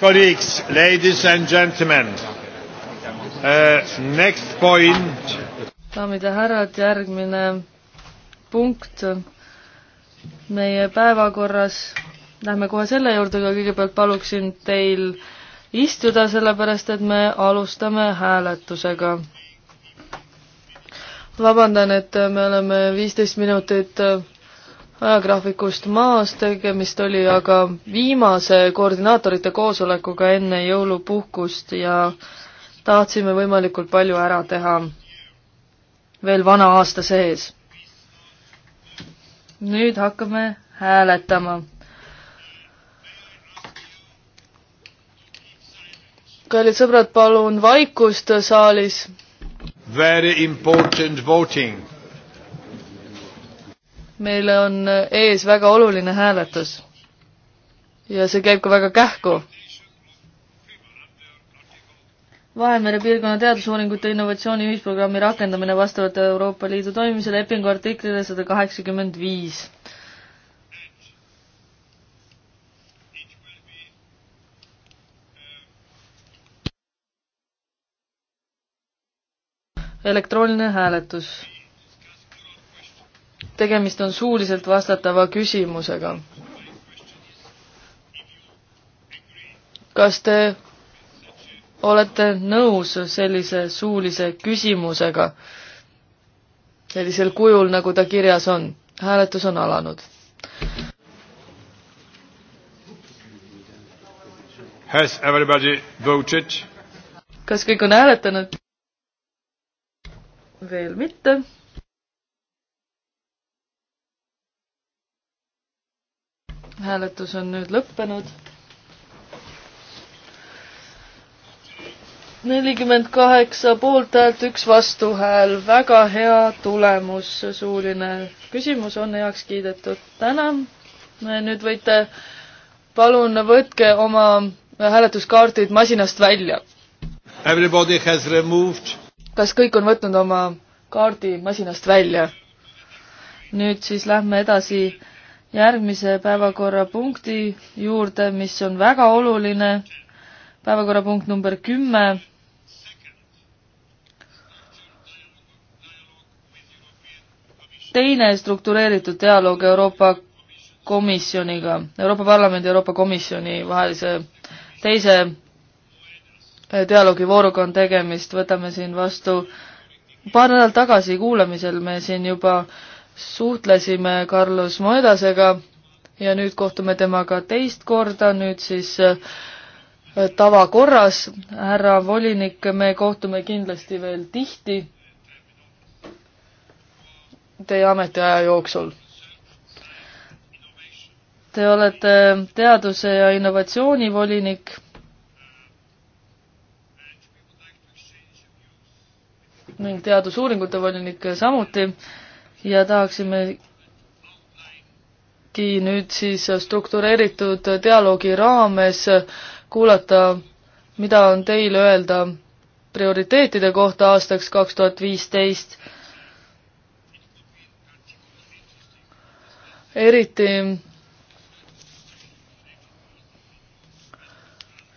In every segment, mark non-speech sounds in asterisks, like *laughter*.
colleagues, ladies and gentlemen uh,, next point. daamid ja härrad, järgmine punkt meie päevakorras. Lähme kohe selle juurde, aga kõigepealt paluksin teil istuda, sellepärast et me alustame hääletusega. vabandan, et me oleme viisteist minutit ajagraafikust maas, tegemist oli aga viimase koordinaatorite koosolekuga enne jõulupuhkust ja tahtsime võimalikult palju ära teha veel vana aasta sees. nüüd hakkame hääletama. kallid sõbrad, palun vaikust saalis. Very important voting meil on ees väga oluline hääletus. ja see käib ka väga kähku. Vahemere piirkonna teadusuuringute innovatsiooni ühisprogrammi rakendamine vastavalt Euroopa Liidu toimimise lepingu artiklile sada kaheksakümmend viis. elektrooniline hääletus tegemist on suuliselt vastatava küsimusega. kas te olete nõus sellise suulise küsimusega sellisel kujul, nagu ta kirjas on? hääletus on alanud. Has everybody voted? kas kõik on hääletanud? veel mitte hääletus on nüüd lõppenud. nelikümmend kaheksa poolthäält, üks vastuhääl, väga hea tulemus, suuline küsimus on heaks kiidetud. tänan. nüüd võite, palun võtke oma hääletuskaardid masinast välja. kas kõik on võtnud oma kaardi masinast välja? nüüd siis lähme edasi järgmise päevakorrapunkti juurde, mis on väga oluline, päevakorrapunkt number kümme. teine struktureeritud dialoog Euroopa Komisjoniga, Euroopa Parlamendi ja Euroopa Komisjoni vahelise teise eh, dialoogivooruga on tegemist, võtame siin vastu paar nädalat tagasi kuulamisel me siin juba äh, suhtlesime Carlos Moedasega ja nüüd kohtume temaga teist korda, nüüd siis äh, tavakorras. härra volinik, me kohtume kindlasti veel tihti teie ametiaja jooksul. Te olete teaduse ja innovatsiooni volinik. ning teadusuuringute volinik samuti ja tahaksimegi nüüd siis struktureeritud dialoogi raames kuulata, mida on teil öelda prioriteetide kohta aastaks kaks tuhat viisteist. eriti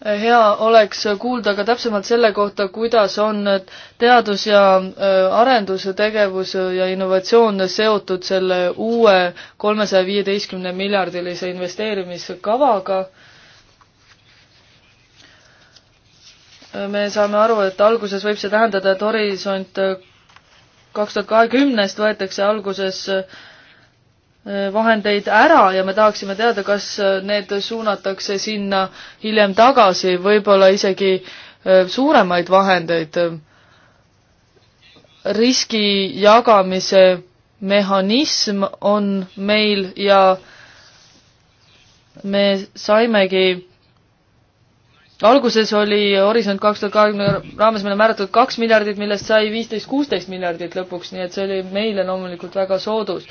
hea oleks kuulda ka täpsemalt selle kohta, kuidas on teadus- ja äh, arendustegevus ja innovatsioon seotud selle uue kolmesaja viieteistkümne miljardilise investeerimiskavaga. me saame aru, et alguses võib see tähendada, et horisont kaks tuhat kahekümnest võetakse alguses äh, Eh, vahendeid ära ja me tahaksime teada, kas eh, need suunatakse sinna hiljem tagasi, võib-olla isegi eh, suuremaid vahendeid. riski jagamise mehhanism on meil ja me saimegi alguses oli Horisont kaks tuhat kahekümne raames meile määratud kaks miljardit, millest sai viisteist, kuusteist miljardit lõpuks, nii et see oli meile loomulikult väga soodus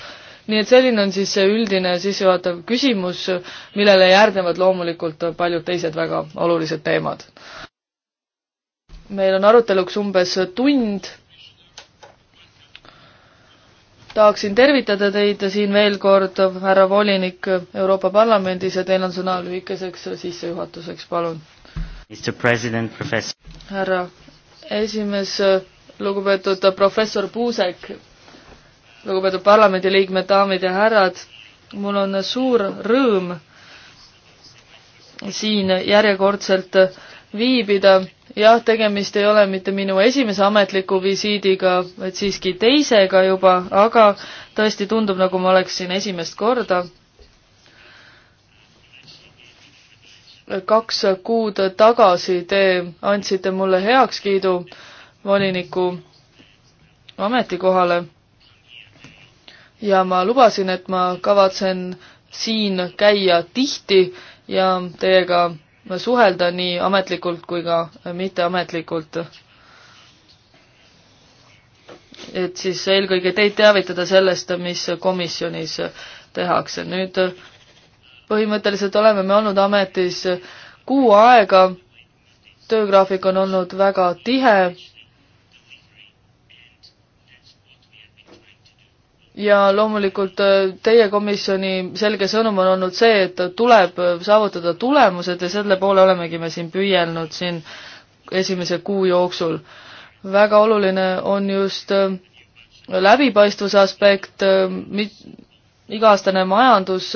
nii et selline on siis see üldine sissejuhatav küsimus, millele järgnevad loomulikult paljud teised väga olulised teemad. meil on aruteluks umbes tund. tahaksin tervitada teid siin veel kord, härra volinik Euroopa Parlamendis ja teil on sõna lühikeseks sissejuhatuseks, palun. härra esimees, lugupeetud professor Puusek lugupeetud parlamendiliikmed, daamid ja härrad, mul on suur rõõm siin järjekordselt viibida. jah, tegemist ei ole mitte minu esimese ametliku visiidiga, vaid siiski teisega juba, aga tõesti tundub, nagu ma oleksin esimest korda. kaks kuud tagasi te andsite mulle heakskiidu voliniku ametikohale ja ma lubasin, et ma kavatsen siin käia tihti ja teiega suhelda nii ametlikult kui ka mitteametlikult. et siis eelkõige teid teavitada sellest, mis komisjonis tehakse. nüüd põhimõtteliselt oleme me olnud ametis kuu aega, töögraafik on olnud väga tihe, ja loomulikult äh, teie komisjoni selge sõnum on olnud see, et tuleb saavutada tulemused ja selle poole olemegi me siin püüelnud siin esimese kuu jooksul. väga oluline on just äh, läbipaistvuse aspekt, äh, iga-aastane majandus,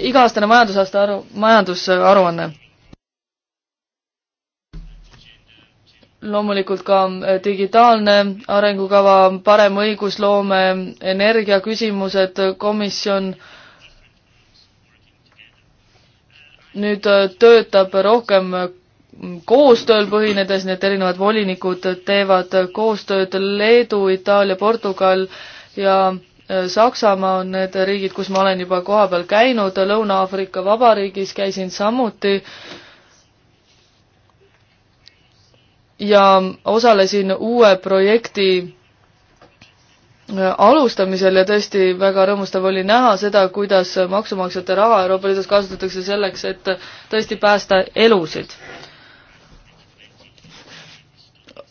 iga-aastane majandusaasta aru, majandusaruanne loomulikult ka äh, digitaalne arengukava, parem õigusloome, energiaküsimused, äh, komisjon nüüd äh, töötab rohkem koostööl põhinedes, nii et erinevad volinikud teevad koostööd, Leedu, Itaalia, Portugal ja Saksamaa on need riigid, kus ma olen juba kohapeal käinud, Lõuna-Aafrika Vabariigis käisin samuti äh, ja osalesin uue projekti äh, alustamisel ja tõesti väga rõõmustav oli näha seda, kuidas maksumaksjate raha Euroopa Liidus kasutatakse selleks, et tõesti päästa elusid.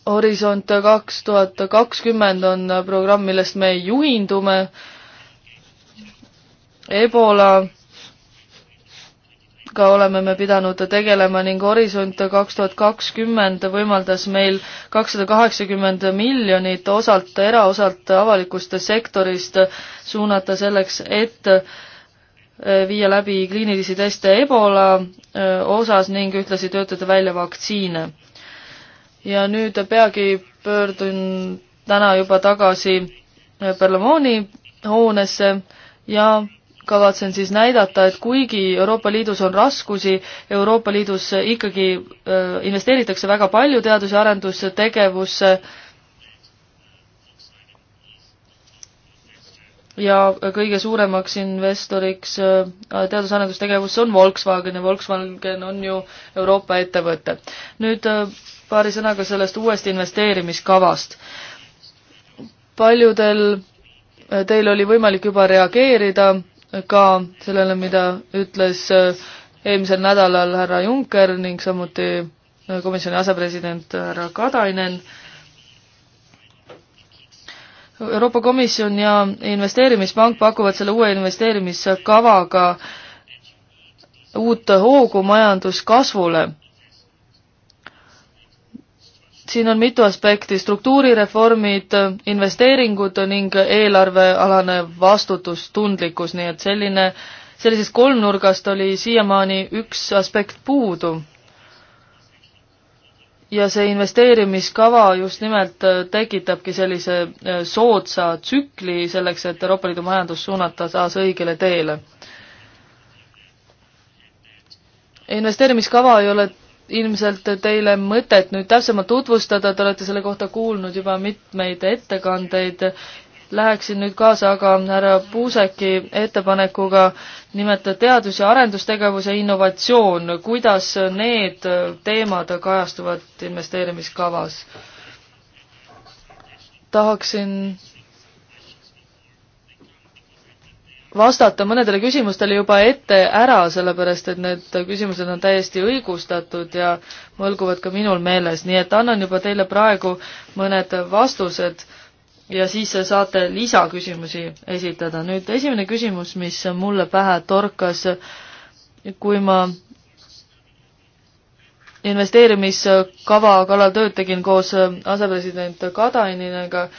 Horisont kaks tuhat kakskümmend on programm, millest me juhindume. Ebola ka oleme me pidanud tegelema ning Horisont kaks tuhat kakskümmend võimaldas meil kakssada kaheksakümmend miljonit osalt eraosalt avalikust sektorist suunata selleks, et eh, viia läbi kliinilisi teste Ebola eh, osas ning ühtlasi töötada välja vaktsiine. ja nüüd peagi pöördun täna juba tagasi Berlamoni eh, hoonesse ja kavatsen siis näidata, et kuigi Euroopa Liidus on raskusi, Euroopa Liidus ikkagi äh, investeeritakse väga palju teadus- ja arendustegevusse ja kõige suuremaks investoriks äh, teadus-arendustegevusse on Volkswagen ja Volkswagen on ju Euroopa ettevõte. nüüd äh, paari sõnaga sellest uuest investeerimiskavast. paljudel teil oli võimalik juba reageerida ka sellele, mida ütles äh, eelmisel nädalal härra Juncker ning samuti äh, komisjoni asepresident härra Katainen. Euroopa Komisjon ja Investeerimispank pakuvad selle uue investeerimiskavaga uut hoogu majanduskasvule siin on mitu aspekti, struktuurireformid, investeeringud ning eelarvealane vastutustundlikkus, nii et selline, sellisest kolmnurgast oli siiamaani üks aspekt puudu. ja see investeerimiskava just nimelt tekitabki sellise eh, soodsa tsükli selleks, et Euroopa Liidu majandus suunata taas õigele teele investeerimiskava ei ole ilmselt teile mõtet nüüd täpsemalt tutvustada, te olete selle kohta kuulnud juba mitmeid ettekandeid. Läheksin nüüd kaasa aga härra Puuseki ettepanekuga nimetada teadus- ja arendustegevus ja innovatsioon, kuidas need teemad kajastuvad investeerimiskavas? tahaksin vastata mõnedele küsimustele juba ette ära, sellepärast et need küsimused on täiesti õigustatud ja mõlguvad ka minul meeles, nii et annan juba teile praegu mõned vastused ja siis saate lisaküsimusi esitada. nüüd esimene küsimus, mis mulle pähe torkas, kui ma investeerimiskava kallal tööd tegin koos asepresident Katainenega,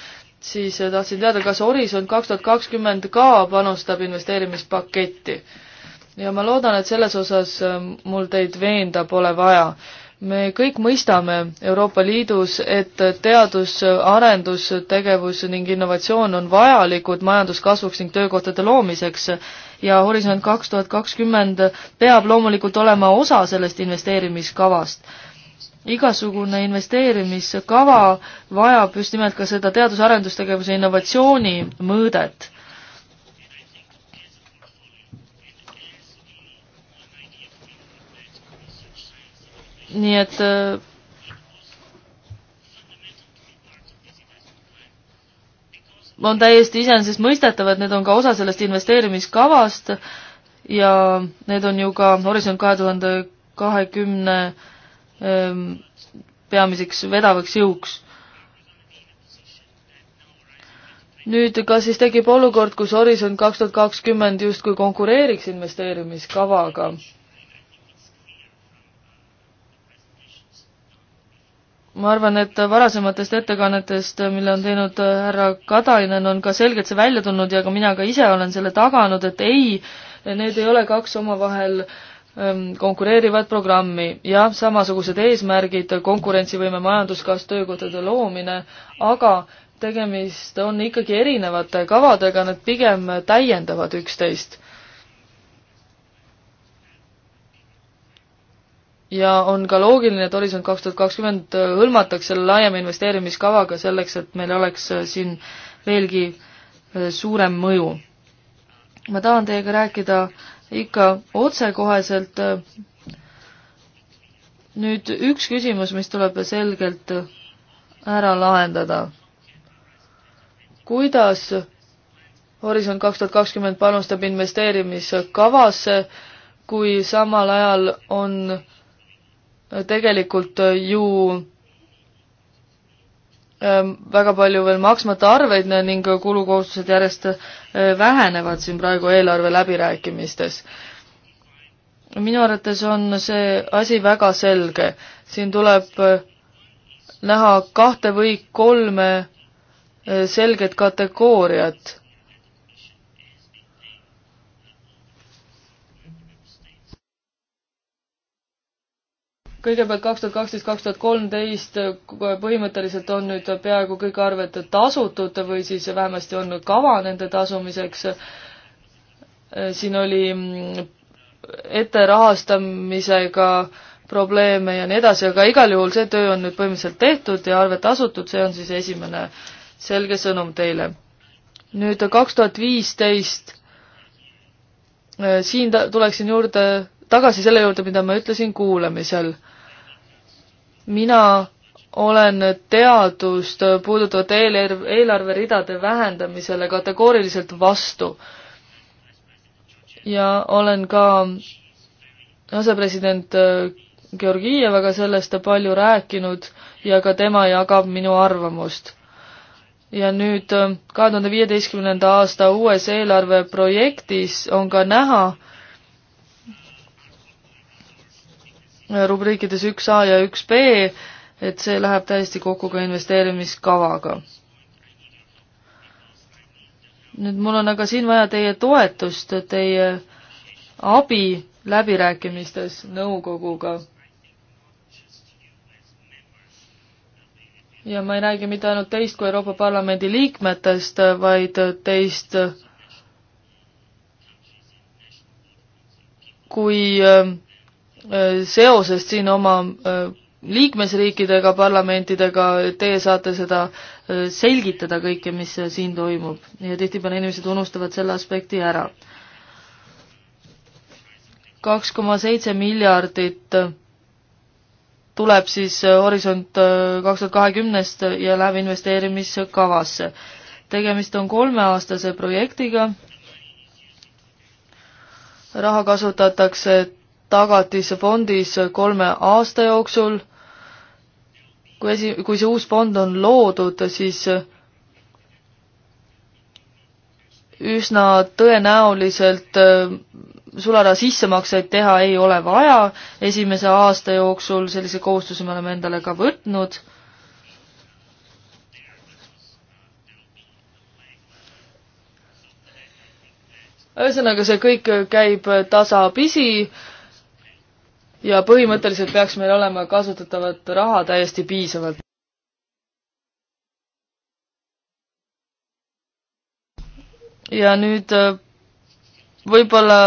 siis tahtsin teada, kas Horisont kaks tuhat kakskümmend ka panustab investeerimispaketti. ja ma loodan, et selles osas ähm, mul teid veenda pole vaja. me kõik mõistame Euroopa Liidus, et teadus, arendustegevus ning innovatsioon on vajalikud majanduskasvuks ning töökohtade loomiseks ja Horisont kaks tuhat kakskümmend peab loomulikult olema osa sellest investeerimiskavast igasugune investeerimiskava vajab just nimelt ka seda teadus-arendustegevuse innovatsiooni mõõdet. nii et äh, on täiesti iseenesestmõistetav, et need on ka osa sellest investeerimiskavast ja need on ju ka Horisont kahe tuhande kahekümne 20 Ähm, peamiseks vedavaks jõuks. nüüd, kas siis tekib olukord, kus Horisont kaks tuhat kakskümmend justkui konkureeriks investeerimiskavaga? ma arvan, et varasematest ettekannetest, mille on teinud härra Katainen, on ka selgelt see välja tulnud ja ka mina ka ise olen selle taganud, et ei, need ei ole kaks omavahel äh, Ähm, konkureerivat programmi ja samasugused eesmärgid, konkurentsivõime, majanduskasv, töökohtade loomine, aga tegemist on ikkagi erinevate kavadega, nad pigem täiendavad üksteist. ja on ka loogiline, et Horisont kaks tuhat kakskümmend hõlmatakse selle laiema investeerimiskavaga selleks, et meil oleks äh, siin veelgi äh, suurem mõju. ma tahan teiega rääkida äh, ikka otsekoheselt. Äh, nüüd üks küsimus, mis tuleb selgelt ära lahendada. kuidas Horisont kaks tuhat kakskümmend panustab investeerimiskavasse, kui samal ajal on tegelikult ju Ehm, väga palju veel maksmata arveid ning kulukohustused järjest e, vähenevad siin praegu eelarve läbirääkimistes. minu arvates on see asi väga selge, siin tuleb e, näha kahte või kolme e, selget kategooriat kõigepealt kaks tuhat kaksteist, kaks tuhat kolmteist põhimõtteliselt on nüüd peaaegu kõik arved tasutud või siis vähemasti on kava nende tasumiseks. siin oli mm, etterahastamisega probleeme ja nii edasi, aga igal juhul see töö on nüüd põhimõtteliselt tehtud ja arved tasutud, see on siis esimene selge sõnum teile. nüüd kaks tuhat viisteist, äh, siin ta-, tuleksin juurde, tagasi selle juurde, mida ma ütlesin kuulamisel mina olen teadust puudutavate eelarve, eelarveridade vähendamisele kategooriliselt vastu. ja olen ka asepresident äh, Georgievaga sellest palju rääkinud ja ka tema jagab minu arvamust. ja nüüd äh, kahe tuhande viieteistkümnenda aasta uues eelarveprojektis on ka näha, rubriikides üks A ja üks B, et see läheb täiesti kokku ka investeerimiskavaga. nüüd mul on aga siin vaja teie toetust, teie abi läbirääkimistes nõukoguga. ja ma ei räägi mitte ainult teist kui Euroopa Parlamendi liikmetest, vaid teist kui äh, Äh, seosest siin oma äh, liikmesriikidega, parlamentidega, teie saate seda äh, selgitada kõike, mis siin toimub ja tihtipeale inimesed unustavad selle aspekti ära. kaks koma seitse miljardit tuleb siis Horisont kaks tuhat kahekümnest ja läheb investeerimiskavasse. tegemist on kolmeaastase projektiga, raha kasutatakse tagatisfondis kolme aasta jooksul. kui esi, kui see uus fond on loodud, siis üsna tõenäoliselt äh, sularaha sissemakseid teha ei ole vaja esimese aasta jooksul, sellise kohustuse me oleme endale ka võtnud ühesõnaga, see kõik käib tasapisi, ja põhimõtteliselt peaks meil olema kasutatavat raha täiesti piisavalt. ja nüüd äh, võib-olla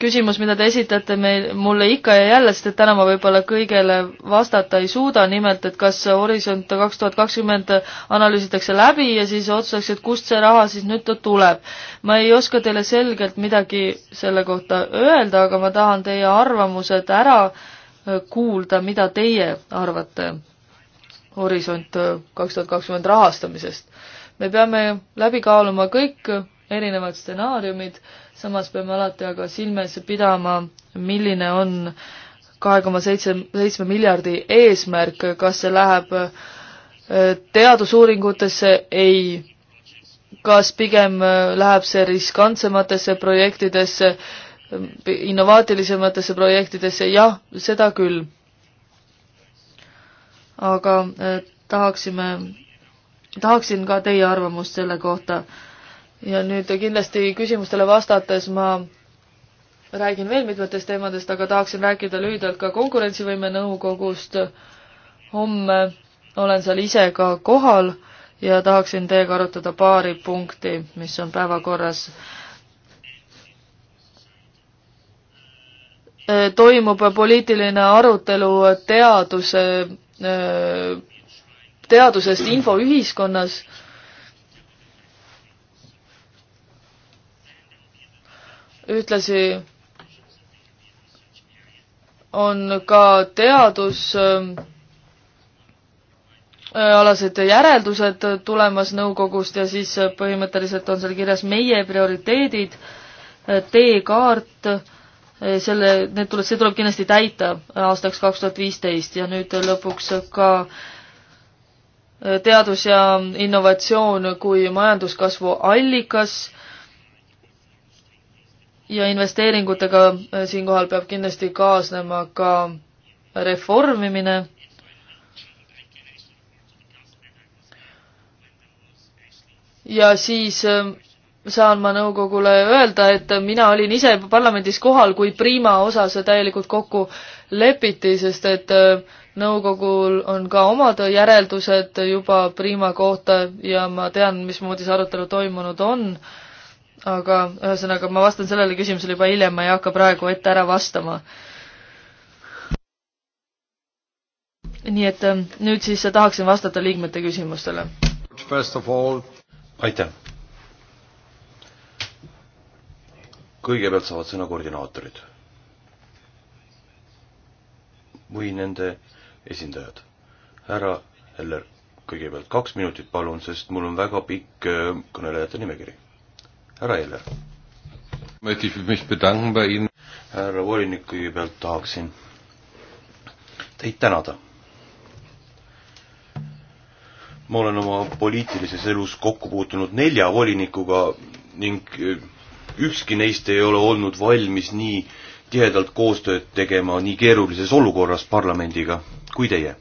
küsimus, mida te esitate meil, mulle ikka ja jälle, sest et täna ma võib-olla kõigele vastata ei suuda, nimelt et kas Horisont kaks tuhat kakskümmend analüüsitakse läbi ja siis otsustatakse, et kust see raha siis nüüd tuleb. ma ei oska teile selgelt midagi selle kohta öelda, aga ma tahan teie arvamused ära äh, kuulda, mida teie arvate Horisont äh, kaks tuhat kakskümmend rahastamisest. me peame läbi kaaluma kõik erinevad stsenaariumid, samas peame alati aga silmes pidama, milline on kahe koma seitse, seitsme miljardi eesmärk, kas see läheb äh, teadusuuringutesse, ei. kas pigem äh, läheb see riskantsematesse projektidesse, äh, innovaatilisematesse projektidesse, jah, seda küll. aga tahaksime, tahaksin ka teie arvamust selle kohta ja nüüd kindlasti küsimustele vastates ma räägin veel mitmetest teemadest, aga tahaksin rääkida lühidalt ka konkurentsivõime nõukogust. homme olen seal ise ka kohal ja tahaksin teiega arutada paari punkti, mis on päevakorras. toimub poliitiline arutelu teaduse, teadusest infoühiskonnas ühtlasi on ka teadus ähm, äh, alased järeldused tulemas nõukogust ja siis äh, põhimõtteliselt on seal kirjas meie prioriteedid, äh, teekaart, selle, need tuleb, see tuleb kindlasti täita aastaks kaks tuhat viisteist ja nüüd lõpuks ka teadus ja innovatsioon kui majanduskasvu allikas ja investeeringutega äh, siinkohal peab kindlasti kaasnema ka reformimine. ja siis äh, saan ma nõukogule öelda, et mina olin ise parlamendis kohal, kui Prima osas täielikult kokku lepiti, sest et äh, nõukogul on ka omad järeldused juba Prima kohta ja ma tean, mismoodi see arutelu toimunud on aga ühesõnaga ma vastan sellele küsimusele juba hiljem, ma ei hakka praegu ette ära vastama. nii et ähm, nüüd siis tahaksin vastata liikmete küsimustele. aitäh. kõigepealt saavad sõna koordinaatorid või nende esindajad. härra Heller, kõigepealt kaks minutit palun, sest mul on väga pikk äh, kõnelejate nimekiri härra Eiler. härra volinik, kõigepealt tahaksin teid tänada. ma olen oma poliitilises elus kokku puutunud nelja volinikuga ning eh, ükski neist ei ole olnud valmis nii tihedalt koostööd tegema nii keerulises olukorras parlamendiga kui teie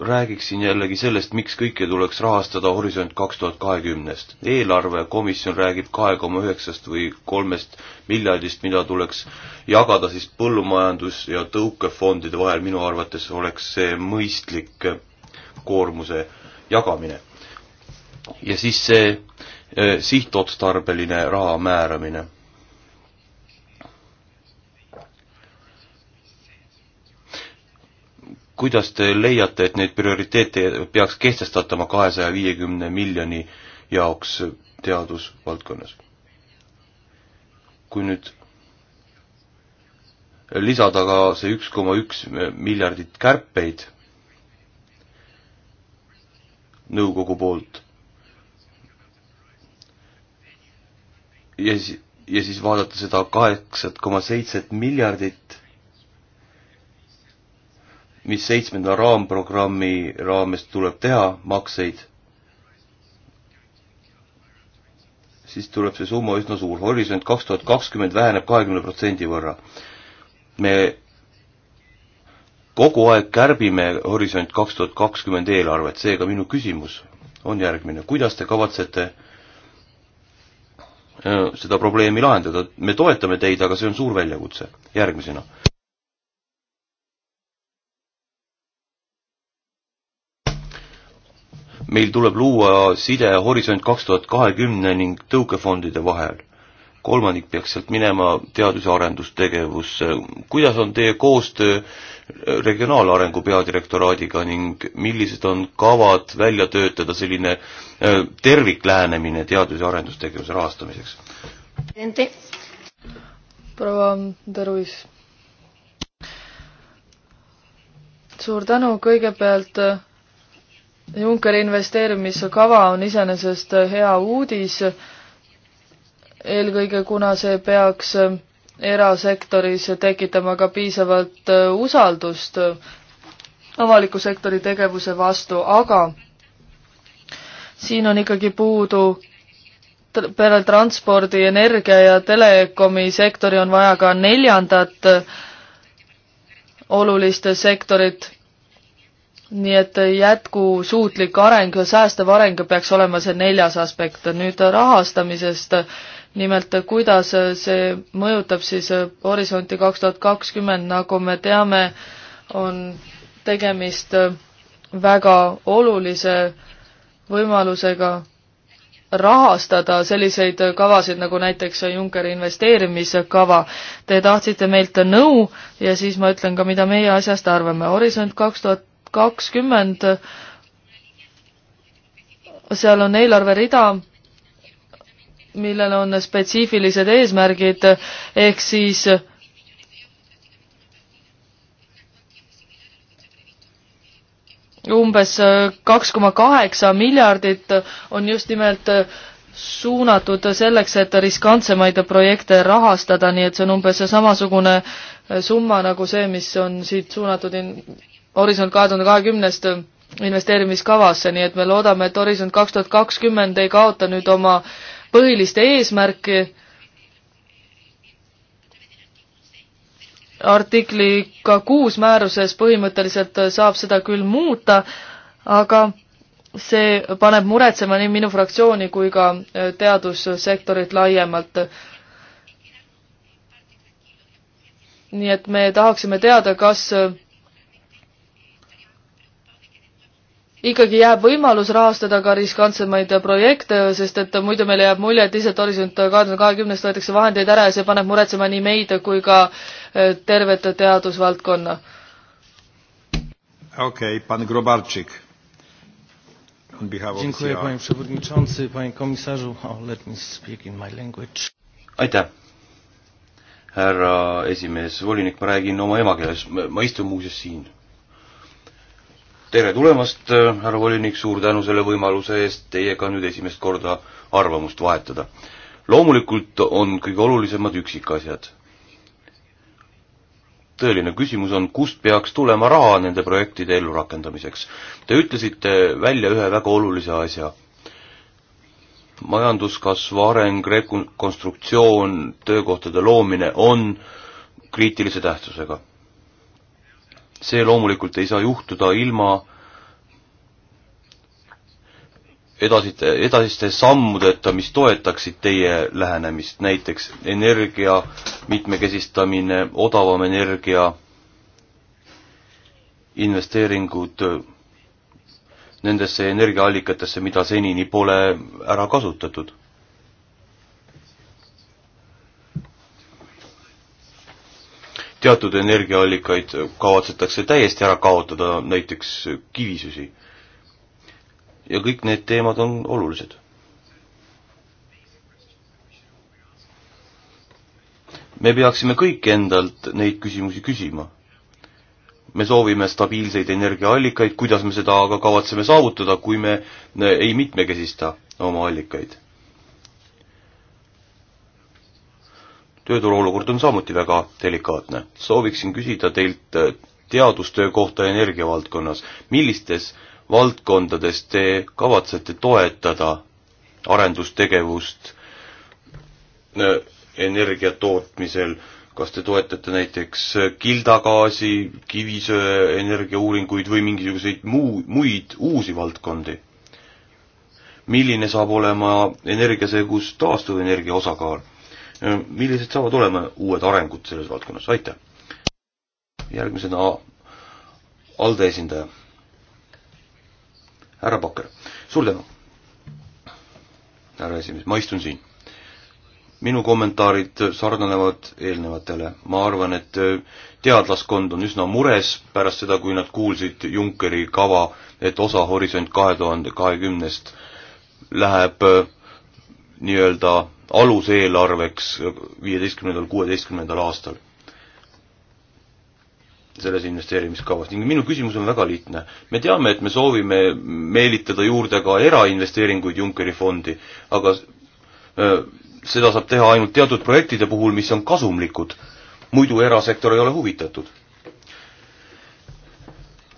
räägiksin jällegi sellest, miks kõike tuleks rahastada Horisont kaks tuhat kahekümnest. eelarvekomisjon räägib kahe koma üheksast või kolmest miljardist, mida tuleks jagada siis põllumajandus- ja tõukefondide vahel, minu arvates oleks see mõistlik koormuse jagamine. ja siis see eh, sihtotstarbeline raha määramine kuidas te leiate, et neid prioriteete peaks kehtestatama kahesaja viiekümne miljoni jaoks teadusvaldkonnas? kui nüüd lisada ka see üks koma üks miljardit kärpeid nõukogu poolt ja si-, ja siis vaadata seda kaheksat koma seitset miljardit mis seitsmenda raamprogrammi raames tuleb teha, makseid, siis tuleb see summa üsna suur. Horisont kaks tuhat kakskümmend väheneb kahekümne protsendi võrra. me kogu aeg kärbime Horisont kaks tuhat kakskümmend eelarvet, seega minu küsimus on järgmine, kuidas te kavatsete äh, seda probleemi lahendada, me toetame teid, aga see on suur väljakutse järgmisena meil tuleb luua side Horisont kaks tuhat kahekümne ning tõukefondide vahel. kolmandik peaks sealt minema teadus- ja arendustegevusse. kuidas on teie koostöö regionaalarengu peadirektoraadiga ning millised on kavad välja töötada selline äh, terviklähenemine teadus- ja arendustegevuse rahastamiseks? proua Tõruis. suur tänu kõigepealt äh, Junckeri investeerimiskava on iseenesest hea uudis, eelkõige kuna see peaks erasektoris tekitama ka piisavalt usaldust avaliku sektori tegevuse vastu, aga siin on ikkagi puudu peale transpordi, energia ja telekomi sektori on vaja ka neljandat olulist sektorit nii et jätkusuutlik areng ja säästev areng peaks olema see neljas aspekt. nüüd rahastamisest, nimelt kuidas see mõjutab siis Horisonti kaks tuhat kakskümmend, nagu me teame, on tegemist väga olulise võimalusega rahastada selliseid kavasid nagu näiteks Junckeri investeerimiskava. Te tahtsite meilt nõu ja siis ma ütlen ka, mida meie asjast arvame. Horisont kaks tuhat kakskümmend, seal on eelarverida, millel on spetsiifilised eesmärgid, ehk siis umbes kaks koma kaheksa miljardit on just nimelt suunatud selleks, et riskantsemaid projekte rahastada, nii et see on umbes samasugune summa nagu see, mis on siit suunatud in-, Horisont kahe tuhande kahekümnest investeerimiskavasse, nii et me loodame, et Horisont kaks tuhat kakskümmend ei kaota nüüd oma põhiliste eesmärki artikliga kuus määruses põhimõtteliselt saab seda küll muuta, aga see paneb muretsema nii minu fraktsiooni kui ka teadussektorit laiemalt. nii et me tahaksime teada, kas ikkagi jääb võimalus rahastada ka riskantsemaid projekte, sest et muidu meile jääb mulje, et lihtsalt Horisont kahe tuhande kahekümnest võetakse vahendeid ära ja see paneb muretsema nii meid kui ka eh, tervet teadusvaldkonna. okei okay,, pan Grobarczyk. Dziękuję panie przewodniczący, panie komisarzu. Oh, let me speak in my language. Aitäh, härra esimees, volinik, ma räägin oma emakeeles, ma istun muuseas siin tere tulemast, äh, härra volinik, suur tänu selle võimaluse eest teiega nüüd esimest korda arvamust vahetada. loomulikult on kõige olulisemad üksikasjad. tõeline küsimus on, kust peaks tulema raha nende projektide ellurakendamiseks. Te ütlesite välja ühe väga olulise asja. majanduskasv, areng, rekonstruktsioon, töökohtade loomine on kriitilise tähtsusega see loomulikult ei saa juhtuda ilma edasite, edasiste sammudeta, mis toetaksid teie lähenemist, näiteks energia mitmekesistamine, odavam energia, investeeringud nendesse energiaallikatesse, mida senini pole ära kasutatud. teatud energiaallikaid kavatsetakse täiesti ära kaotada, näiteks kivisüsi. ja kõik need teemad on olulised. me peaksime kõik endalt neid küsimusi küsima. me soovime stabiilseid energiaallikaid, kuidas me seda aga kavatseme saavutada, kui me ei mitmekesista oma allikaid tööturu olukord on samuti väga delikaatne. sooviksin küsida teilt äh, teadustöö kohta energiavaldkonnas. millistes valdkondades te kavatsete toetada arendustegevust äh, energia tootmisel, kas te toetate näiteks äh, kildagaasi, kivisöe energiauuringuid või mingisuguseid muu, muid uusi valdkondi? milline saab olema energiasegus taastuvenergia osakaal? Äh, millised saavad olema uued arengud selles valdkonnas, aitäh! järgmisena ALDE esindaja, härra Pakker, suur tänu! härra esimees, ma istun siin. minu kommentaarid sarnanevad eelnevatele, ma arvan, et äh, teadlaskond on üsna mures pärast seda, kui nad kuulsid Junckeri kava, et osa Horisont kahe tuhande kahekümnest läheb äh, nii-öelda aluseelarveks viieteistkümnendal, kuueteistkümnendal aastal selles investeerimiskavas ning minu küsimus on väga lihtne. me teame, et me soovime meelitada juurde ka erainvesteeringuid Junckeri fondi, aga öö, äh, seda saab teha ainult teatud projektide puhul, mis on kasumlikud. muidu erasektor ei ole huvitatud.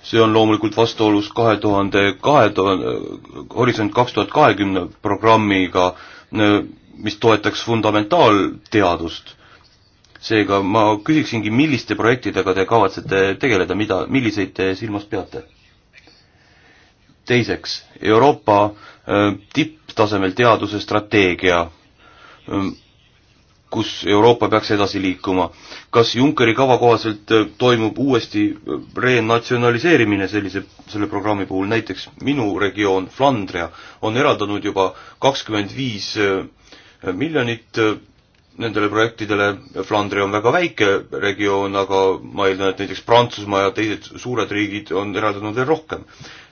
see on loomulikult vastuolus kahe tuhande kahe tuhande, äh, Horisont kaks tuhat kahekümne programmiga, Äh, mis toetaks fundamentaalteadust. seega ma küsiksingi, milliste projektidega te kavatsete tegeleda, mida, milliseid te silmas peate? teiseks, Euroopa äh, tipptasemel teaduse strateegia äh, kus Euroopa peaks edasi liikuma. kas Junckeri kava kohaselt äh, toimub uuesti äh, renatsionaliseerimine sellise, selle programmi puhul, näiteks minu regioon Flandria on eraldanud juba kakskümmend viis äh, miljonit nendele projektidele, Flandria on väga väike regioon, aga ma eeldan, et näiteks Prantsusmaa ja teised suured riigid on eraldanud veel rohkem.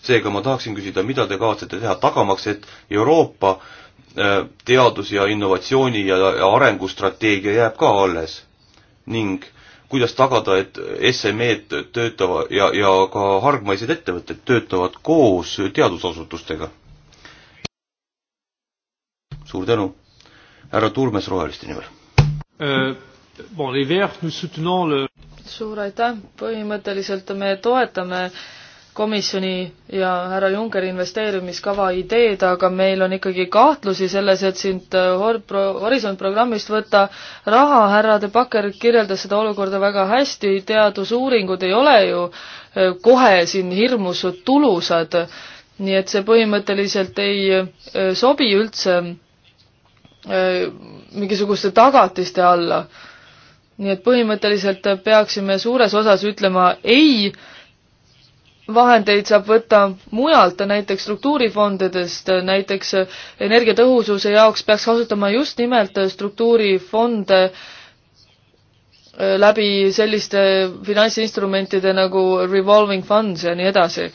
seega ma tahaksin küsida, mida te kavatsete teha, tagamaks, et Euroopa äh, Äh, teadus- ja innovatsiooni ja, ja arengustrateegia jääb ka alles ning kuidas tagada, et SME-d töötavad ja, ja ka hargmaised ettevõtted töötavad koos teadusasutustega? suur tänu, härra Turmes Roheliste nimel uh,. Bon, les verts, nous soutenons le suur aitäh, põhimõtteliselt me toetame uh, komisjoni ja härra Junckeri investeerimiskava ideed, aga meil on ikkagi kahtlusi selles, et siit äh, Horisont programmist võtta raha, härra De Backer kirjeldas seda olukorda väga hästi, teadusuuringud ei ole ju äh, kohe siin hirmus tulusad, nii et see põhimõtteliselt ei äh, sobi üldse mingisuguste tagatiste alla. nii et põhimõtteliselt peaksime suures osas ütlema ei äh, vahendeid saab võtta mujalt, näiteks struktuurifondidest, näiteks energiatõhususe jaoks peaks kasutama just nimelt struktuurifonde läbi selliste finantsinstrumentide nagu revolving funds ja nii edasi.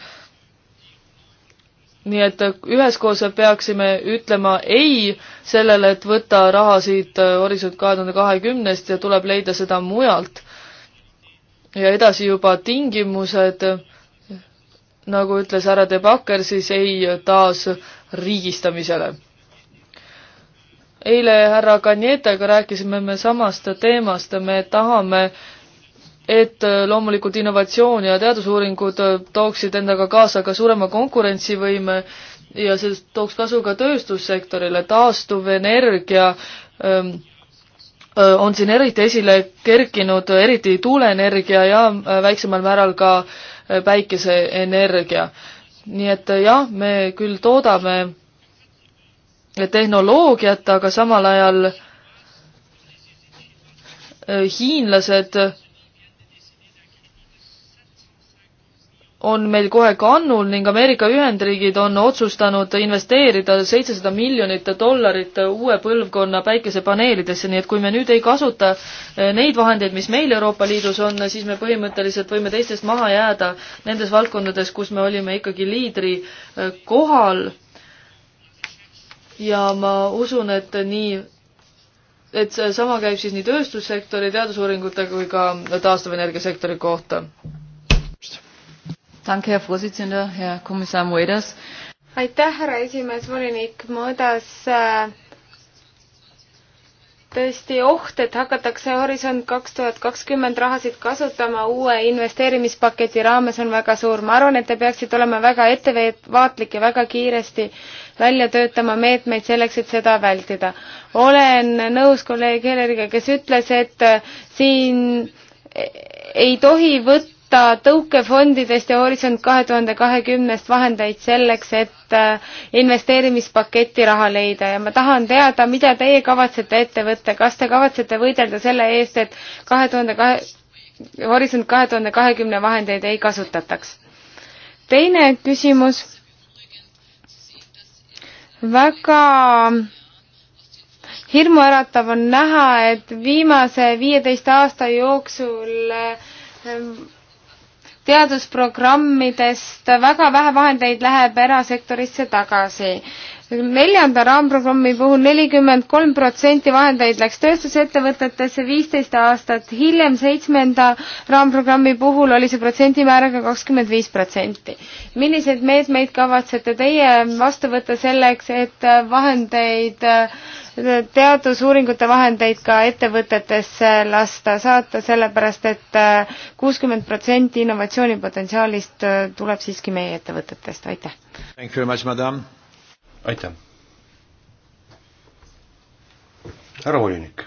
nii et üheskoos peaksime ütlema ei sellele, et võtta raha siit Horisont kahe tuhande kahekümnest ja tuleb leida seda mujalt. ja edasi juba tingimused nagu ütles härra De Backer, siis ei taasriigistamisele. eile härra Kanietega rääkisime me samast teemast, me tahame et loomulikult innovatsioon ja teadusuuringud tooksid endaga kaasa ka suurema konkurentsivõime ja see tooks kasu ka tööstussektorile, taastuvenergia ähm, äh, on siin eriti esile kerkinud, eriti tuuleenergia ja äh, väiksemal määral ka äh, päikeseenergia. nii et äh, jah, me küll toodame äh, tehnoloogiat, aga samal ajal äh, hiinlased on meil kohe kannul ning Ameerika Ühendriigid on otsustanud investeerida seitsesada miljonit dollarit uue põlvkonna päikesepaneelidesse, nii et kui me nüüd ei kasuta eh, neid vahendeid, mis meil Euroopa Liidus on, siis me põhimõtteliselt võime teistest maha jääda nendes valdkondades, kus me olime ikkagi liidri eh, kohal. ja ma usun, et nii et seesama käib siis nii tööstussektori, teadusuuringute kui ka taastuvenergia sektori kohta Danke, Herr Vorsitzender, Herr Kommissar Moedas. aitäh, härra esimees, volinik Moedas äh, tõesti oht, et hakatakse Horisont kaks tuhat kakskümmend rahasid kasutama uue investeerimispaketi raames on väga suur. ma arvan, et te peaksite olema väga ettevaatlik ja väga kiiresti välja töötama meetmeid selleks, et seda vältida. olen nõus kolleeg Heleriga, kes ütles, et siin ei tohi võtta võtta tõukefondidest ja Horisont kahe tuhande kahekümnest vahendeid selleks, et äh, investeerimispaketti raha leida ja ma tahan teada, mida teie kavatsete ette võtta, kas te kavatsete võidelda selle eest, et kahe tuhande kahe, Horisont kahe tuhande kahekümne vahendeid ei kasutataks? teine küsimus, väga hirmuäratav on näha, et viimase viieteist aasta jooksul äh, teadusprogrammidest väga vähe vahendeid läheb erasektorisse tagasi neljanda raamprogrammi puhul nelikümmend kolm protsenti vahendeid läks tööstusettevõtetesse, viisteist aastat hiljem, seitsmenda raamprogrammi puhul oli see protsendimääraga kakskümmend viis protsenti. milliseid meetmeid kavatsete teie vastu võtta selleks, et vahendeid, teadusuuringute vahendeid ka ettevõtetesse lasta saata, sellepärast et kuuskümmend protsenti innovatsioonipotentsiaalist tuleb siiski meie ettevõtetest, aitäh! aitäh. härra volinik.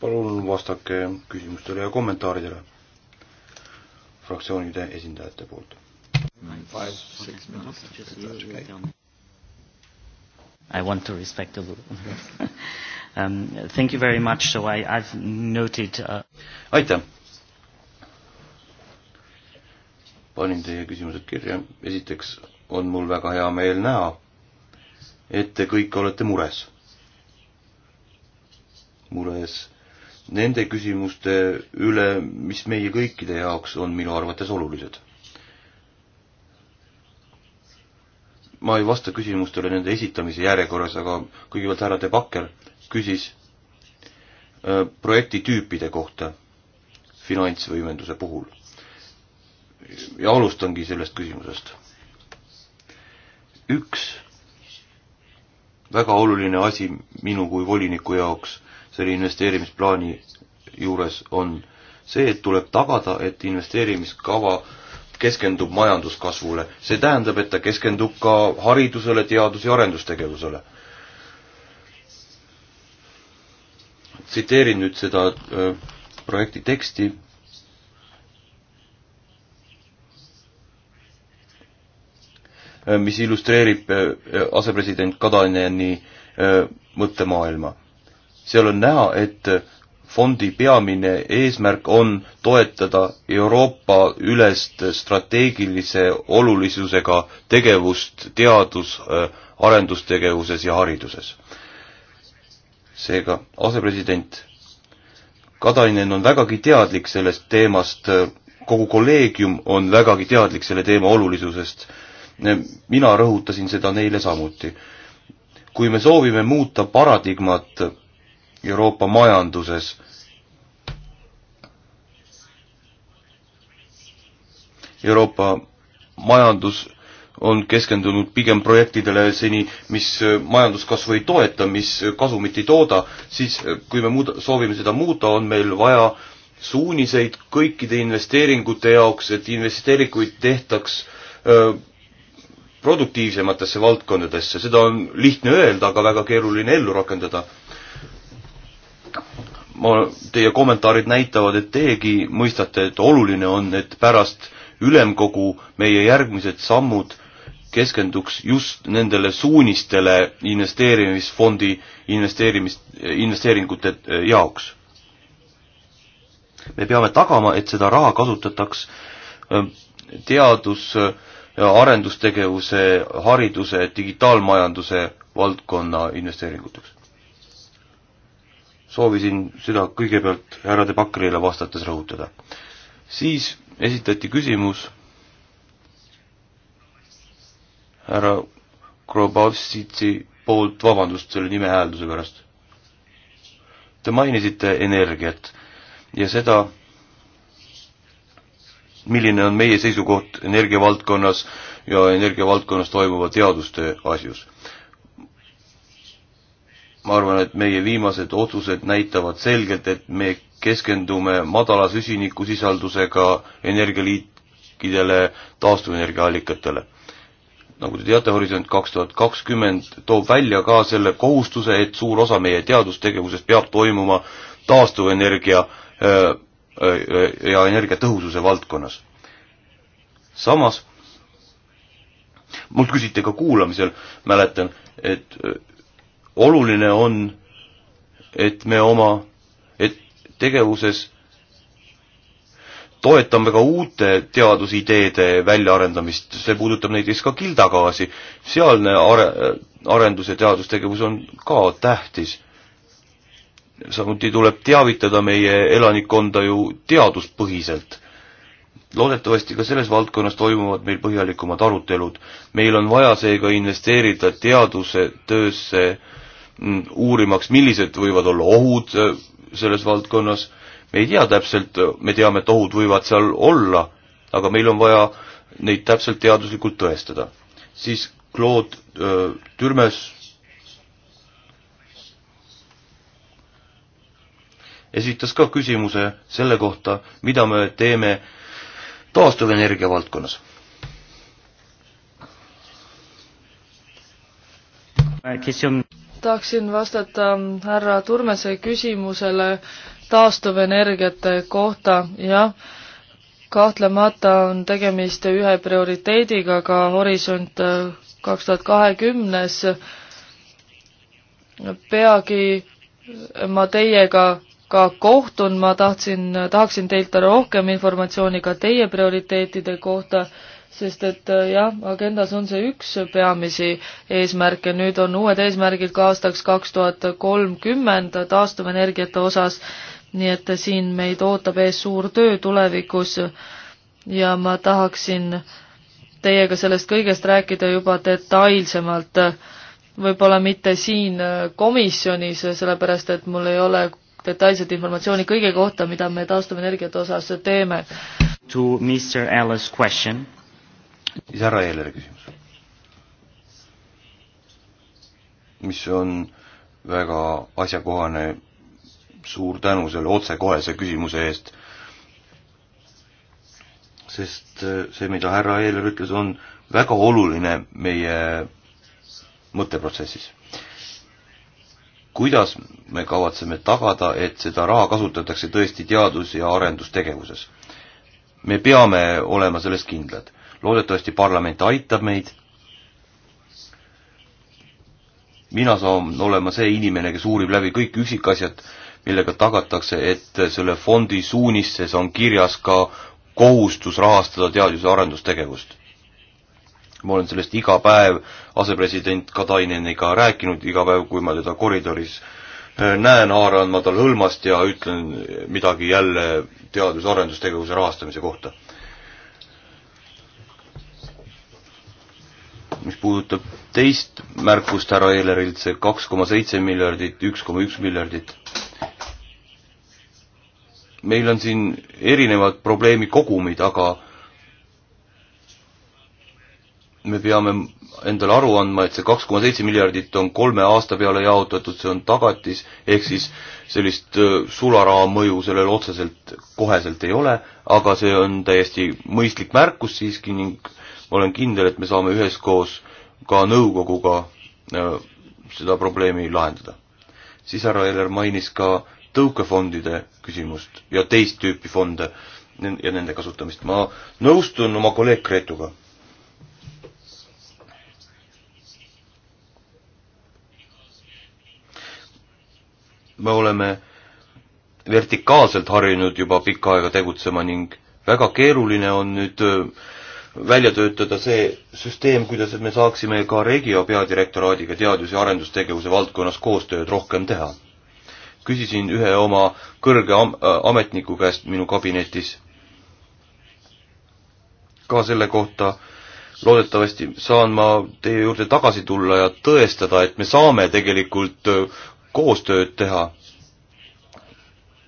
palun vastake küsimustele ja kommentaaridele fraktsioonide esindajate poolt. I want to respect the rule *laughs* um, thank you very much, so I, I've noted uh... aitäh panin teie küsimused kirja. esiteks on mul väga hea meel näha, et te kõik olete mures. mures nende küsimuste üle, mis meie kõikide jaoks on minu arvates olulised. ma ei vasta küsimustele nende esitamise järjekorras, aga kõigepealt härra De Backer küsis äh, projektitüüpide kohta finantsvõimenduse puhul ja alustangi sellest küsimusest. üks väga oluline asi minu kui voliniku jaoks selle investeerimisplaani juures on see, et tuleb tagada, et investeerimiskava keskendub majanduskasvule. see tähendab, et ta keskendub ka haridusele, teadus- ja arendustegevusele. tsiteerin nüüd seda äh, projekti teksti Äh, mis illustreerib äh, asepresident Kadaneni äh, mõttemaailma. seal on näha, et fondi peamine eesmärk on toetada Euroopa ülest strateegilise olulisusega tegevust teadus, arendustegevuses ja hariduses. seega asepresident Kadainen on vägagi teadlik sellest teemast, kogu kolleegium on vägagi teadlik selle teema olulisusest mina rõhutasin seda neile samuti. kui me soovime muuta paradigmat Euroopa majanduses, Euroopa majandus on keskendunud pigem projektidele seni, mis majanduskasvu ei toeta, mis kasumit ei tooda, siis eh, kui me muuda, soovime seda muuta, on meil vaja suuniseid kõikide investeeringute jaoks, et investeeringuid tehtaks öö, eh, produktiivsematesse valdkondadesse, seda on lihtne öelda, aga väga keeruline ellu rakendada. ma, teie kommentaarid näitavad, et teiegi mõistate, et oluline on, et pärast ülemkogu meie järgmised sammud keskenduks just nendele suunistele investeerimisfondi investeerimist, investeeringute eh, jaoks. me peame tagama, et seda raha kasutataks eh, teadus äh, arendustegevuse, hariduse, digitaalmajanduse valdkonna investeeringuteks. soovisin seda kõigepealt härra De Bakrile vastates rõhutada. siis esitati küsimus härra Grobavsitsi poolt, vabandust selle nime häälduse pärast. Te mainisite energiat ja seda, milline on meie seisukoht energiavaldkonnas ja energiavaldkonnas toimuva teaduste asjus. ma arvan, et meie viimased otsused näitavad selgelt, et me keskendume madala süsinikusisaldusega energialiikidele, taastuvenergiaallikatele. nagu te teate, Horisont kaks tuhat kakskümmend toob välja ka selle kohustuse, et suur osa meie teadustegevusest peab toimuma taastuvenergia öö, äh, Äh, ja energiatõhususe valdkonnas. samas mult küsiti ka kuulamisel, mäletan, et äh, oluline on, et me oma, et tegevuses toetame ka uute teadusideede väljaarendamist, see puudutab näiteks ka kildagaasi, sealne are-, äh, arendus ja teadustegevus on ka tähtis samuti tuleb teavitada meie elanikkonda ju teaduspõhiselt. loodetavasti ka selles valdkonnas toimuvad meil põhjalikumad arutelud. meil on vaja seega investeerida teaduse töösse, mm, uurimaks, millised võivad olla ohud äh, selles valdkonnas, me ei tea täpselt, äh, me teame, et ohud võivad seal olla, aga meil on vaja neid täpselt teaduslikult tõestada. siis Claude äh, Türmes esitas ka küsimuse selle kohta, mida me teeme taastuvenergia valdkonnas. tahaksin vastata härra Turmese küsimusele taastuvenergiate kohta, jah, kahtlemata on tegemist ühe prioriteediga ka Horisont äh, kaks tuhat kahekümnes. peagi ma teiega ka kohtun, ma tahtsin, tahaksin teilt rohkem informatsiooni ka teie prioriteetide kohta, sest et jah, agendas on see üks peamisi eesmärke, nüüd on uued eesmärgid ka aastaks kaks tuhat kolmkümmend taastuvenergiate osas, nii et siin meid ootab ees suur töö tulevikus ja ma tahaksin teiega sellest kõigest rääkida juba detailsemalt võib-olla mitte siin komisjonis, sellepärast et mul ei ole detailset informatsiooni kõige kohta, mida me taastuvenergiate osas teeme. To Mr Ellis question. siis härra Eeleri küsimus. mis on väga asjakohane, suur tänu selle otsekohese küsimuse eest, sest äh, see, mida härra Eeler ütles, on väga oluline meie mõtteprotsessis kuidas me kavatseme tagada, et seda raha kasutatakse tõesti teadus- ja arendustegevuses? me peame olema selles kindlad. loodetavasti parlament aitab meid. mina saan olema see inimene, kes uurib läbi kõik üksikasjad, millega tagatakse, et selle fondi suunistes on kirjas ka kohustus rahastada teadus- ja arendustegevust ma olen sellest iga päev asepresident Katainenega rääkinud, iga päev, kui ma teda koridoris äh, näen, haaran ma tal hõlmast ja ütlen midagi jälle teadus-arendustegevuse rahastamise kohta. mis puudutab teist märkust härra Ehlerilt, see kaks koma seitse miljardit, üks koma üks miljardit, meil on siin erinevad probleemi kogumid, aga me peame endale aru andma, et see kaks koma seitse miljardit on kolme aasta peale jaotatud, see on tagatis, ehk siis sellist äh, sularaha mõju sellel otseselt koheselt ei ole, aga see on täiesti mõistlik märkus siiski ning ma olen kindel, et me saame üheskoos ka nõukoguga äh, seda probleemi lahendada. siis härra Eller mainis ka tõukefondide küsimust ja teist tüüpi fonde ja nende kasutamist. ma nõustun oma kolleeg Gretuga me oleme vertikaalselt harjunud juba pikka aega tegutsema ning väga keeruline on nüüd äh, välja töötada see süsteem, kuidas me saaksime ka Regio peadirektoraadiga teadus- ja arendustegevuse valdkonnas koostööd rohkem teha. küsisin ühe oma kõrge am äh, ametniku käest minu kabinetis ka selle kohta, loodetavasti saan ma teie juurde tagasi tulla ja tõestada, et me saame tegelikult äh, koostööd teha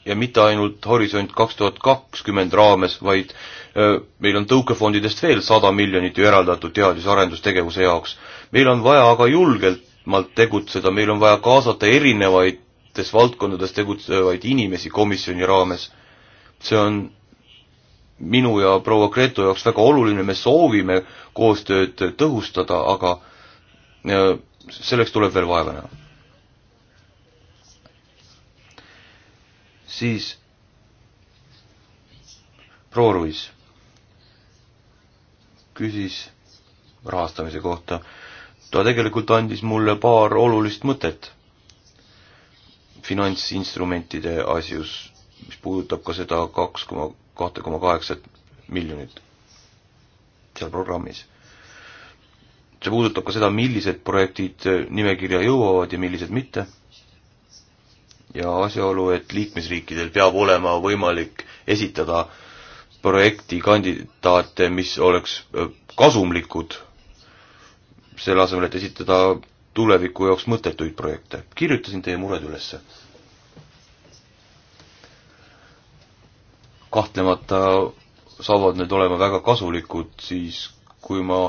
ja mitte ainult Horisont kaks tuhat kakskümmend raames, vaid meil on tõukefondidest veel sada miljonit ju eraldatud teadus- ja arendustegevuse jaoks. meil on vaja aga julgemalt tegutseda, meil on vaja kaasata erinevates valdkondades tegutsevaid inimesi komisjoni raames. see on minu ja proua Gretu jaoks väga oluline, me soovime koostööd tõhustada, aga selleks tuleb veel vaeva näha siis proua Ruiz küsis rahastamise kohta. ta tegelikult andis mulle paar olulist mõtet finantsinstrumentide asjus, mis puudutab ka seda kaks koma, kahte koma kaheksat miljonit seal programmis. see puudutab ka seda, millised projektid nimekirja jõuavad ja millised mitte ja asjaolu, et liikmesriikidel peab olema võimalik esitada projekti kandidaate, mis oleks äh, kasumlikud, selle asemel, et esitada tuleviku jaoks mõttetuid projekte. kirjutasin teie mured üles. kahtlemata saavad need olema väga kasulikud siis, kui ma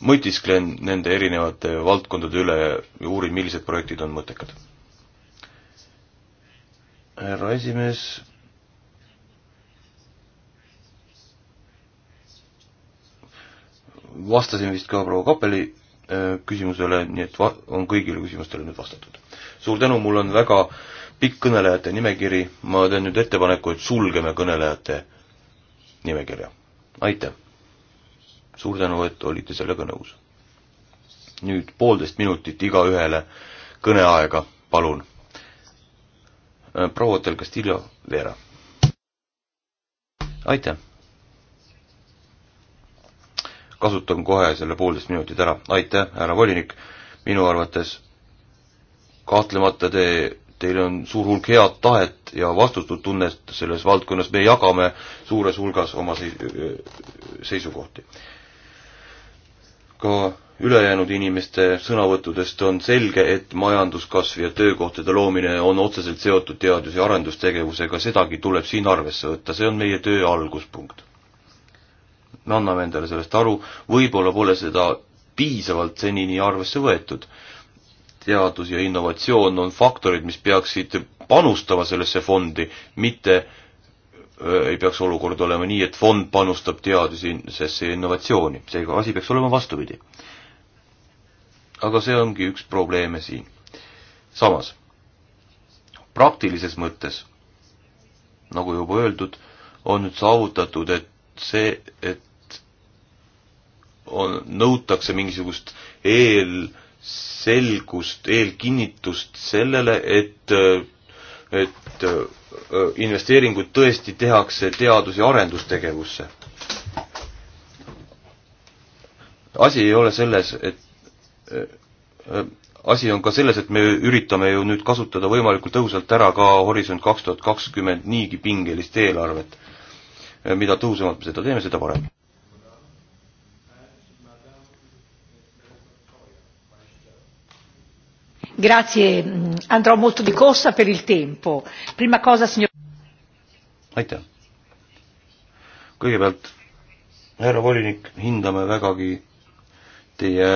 mõtisklen nende erinevate valdkondade üle ja uurin, millised projektid on mõttekad härra esimees. vastasin vist ka proua Kappeli äh, küsimusele, nii et va-, on kõigile küsimustele nüüd vastatud. suur tänu, mul on väga pikk kõnelejate nimekiri, ma teen nüüd ettepaneku, et sulgeme kõnelejate nimekirja. aitäh! suur tänu, et olite sellega nõus. nüüd poolteist minutit igaühele kõneaega, palun Äh, proua Otel Castillo Vera. aitäh! kasutan kohe selle poolteist minutit ära. aitäh, härra volinik, minu arvates kahtlemata te, teil on suur hulk head tahet ja vastutustunnet selles valdkonnas, me jagame suures hulgas oma äh, seisukohti. ka ülejäänud inimeste sõnavõttudest on selge, et majanduskasv ja töökohtade loomine on otseselt seotud teadus- ja arendustegevusega, sedagi tuleb siin arvesse võtta, see on meie töö alguspunkt. me anname endale sellest aru, võib-olla pole seda piisavalt senini arvesse võetud. teadus ja innovatsioon on faktorid, mis peaksid panustama sellesse fondi, mitte ei peaks olukord olema nii, et fond panustab teadusesse ja innovatsiooni, seega asi peaks olema vastupidi aga see ongi üks probleeme siin. samas, praktilises mõttes, nagu juba öeldud, on nüüd saavutatud, et see, et on, nõutakse mingisugust eelselgust, eelkinnitust sellele, et, et äh, investeeringud tõesti tehakse teadus- ja arendustegevusse. asi ei ole selles, et Äh, äh, asi on ka selles, et me üritame ju nüüd kasutada võimalikult tõhusalt ära ka Horisont kaks tuhat kakskümmend niigi pingelist eelarvet. Äh, mida tõhusamalt me seda teeme, seda parem. Grazie, andrò molto di corsa per il tempo. Prima cosa, signor. aitäh. kõigepealt, härra volinik, hindame vägagi teie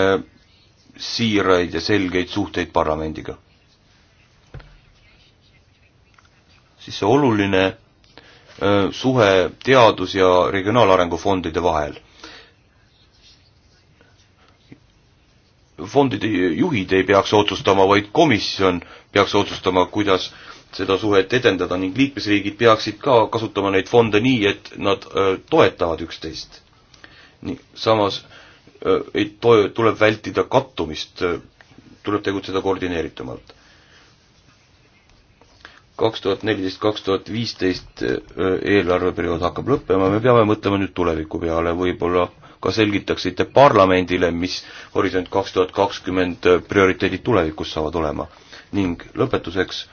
siiraid ja selgeid suhteid parlamendiga. siis see oluline suhe teadus- ja regionaalarengu fondide vahel. fondide juhid ei peaks otsustama, vaid komisjon peaks otsustama, kuidas seda suhet edendada ning liikmesriigid peaksid ka kasutama neid fonde nii, et nad toetavad üksteist. samas äh, Äh, ei to-, tuleb vältida kattumist, äh, tuleb tegutseda koordineeritumalt. kaks tuhat neliteist, kaks tuhat viisteist äh, eelarveperiood hakkab lõppema, me peame mõtlema nüüd tuleviku peale, võib-olla ka selgitaksite parlamendile, mis Horisont kaks tuhat kakskümmend prioriteedid tulevikus saavad olema. ning lõpetuseks,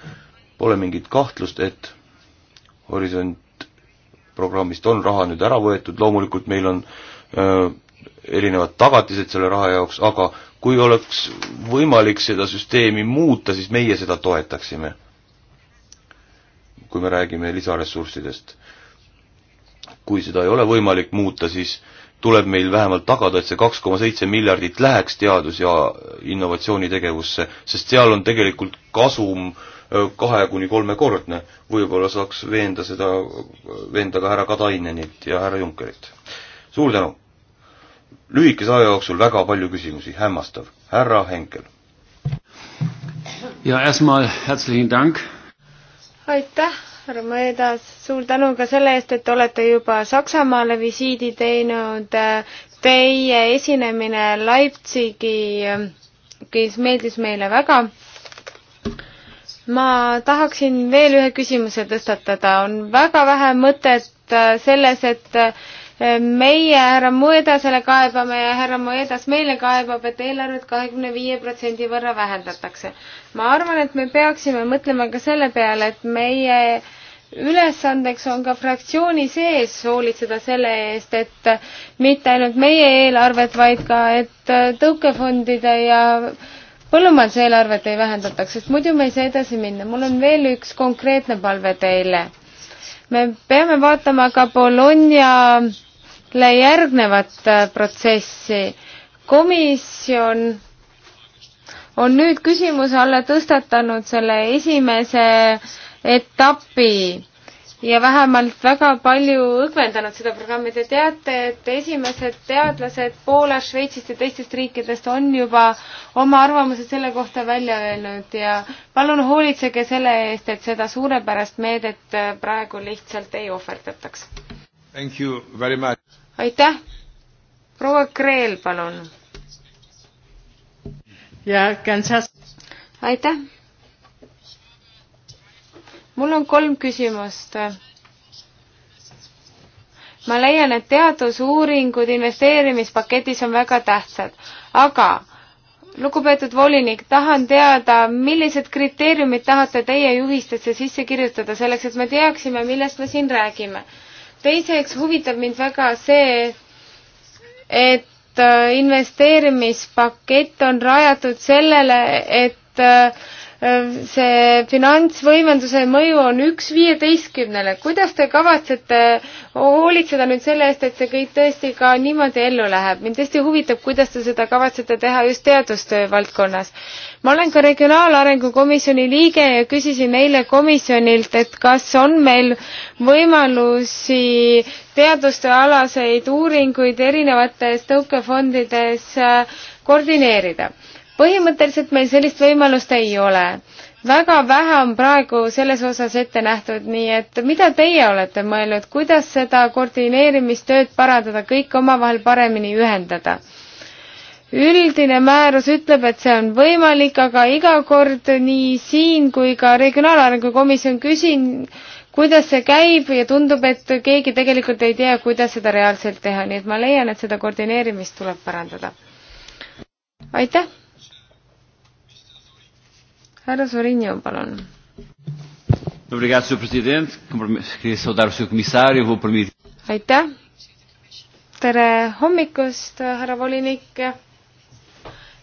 pole mingit kahtlust, et Horisont programmist on raha nüüd ära võetud, loomulikult meil on öö, erinevad tagatised selle raha jaoks, aga kui oleks võimalik seda süsteemi muuta, siis meie seda toetaksime. kui me räägime lisaressurssidest. kui seda ei ole võimalik muuta, siis tuleb meil vähemalt tagada, et see kaks koma seitse miljardit läheks teadus- ja innovatsioonitegevusse, sest seal on tegelikult kasum kahe kuni kolmekordne. võib-olla saaks veenda seda, veenda ka härra Katainenit ja härra Junckerit. suur tänu! lühikese aja jooksul väga palju küsimusi, hämmastav. härra Henkel. ja esmal herzlichen Dank. aitäh, härra Maedas, suur tänu ka selle eest, et olete juba Saksamaale visiidi teinud. Teie esinemine Leipzigis meeldis meile väga ma tahaksin veel ühe küsimuse tõstatada, on väga vähe mõtet selles, et meie härra Moedasele kaebame ja härra Moedas meile kaebab, et eelarvet kahekümne viie protsendi võrra vähendatakse. ma arvan, et me peaksime mõtlema ka selle peale, et meie ülesandeks on ka fraktsiooni sees hoolitseda selle eest, et mitte ainult meie eelarvet, vaid ka, et tõukefondide ja põllumajanduse eelarvet ei vähendataks, sest muidu me ei saa edasi minna. mul on veel üks konkreetne palve teile. me peame vaatama ka Bologna järgnevat äh, protsessi. komisjon on nüüd küsimuse alla tõstatanud selle esimese etapi ja vähemalt väga palju õgvendanud seda programmi. Te teate, et esimesed teadlased Poolast, Šveitsist ja teistest riikidest on juba oma arvamused selle kohta välja öelnud ja palun hoolitsege selle eest, et seda suurepärast meedet äh, praegu lihtsalt ei ohverdataks aitäh. proua Kreel, palun. aitäh. mul on kolm küsimust ma leian, et teadusuuringud investeerimispaketis on väga tähtsad, aga lugupeetud volinik, tahan teada, millised kriteeriumid tahate teie juhistesse sisse kirjutada selleks, et me teaksime, millest me siin räägime teiseks huvitab mind väga see, et äh, investeerimispakett on rajatud sellele, et äh, Ehm, see finantsvõimenduse mõju on üks viieteistkümnele. kuidas te kavatsete hoolitseda nüüd selle eest, et see kõik tõesti ka niimoodi ellu läheb? mind tõesti huvitab, kuidas te seda kavatsete teha just teadustöö valdkonnas. ma olen ka Regionaalarengu Komisjoni liige ja küsisin eile komisjonilt, et kas on meil võimalusi teadustööalaseid uuringuid erinevates tõukefondides koordineerida põhimõtteliselt meil sellist võimalust ei ole. väga vähe on praegu selles osas ette nähtud, nii et mida teie olete mõelnud, kuidas seda koordineerimistööd parandada, kõik omavahel paremini ühendada? üldine määrus ütleb, et see on võimalik, aga iga kord nii siin kui ka Regionaalarengu Komisjon küsin, kuidas see käib ja tundub, et keegi tegelikult ei tea, kuidas seda reaalselt teha, nii et ma leian, et seda koordineerimist tuleb parandada. aitäh! härra Sorinio, palun. aitäh. tere hommikust, härra volinik.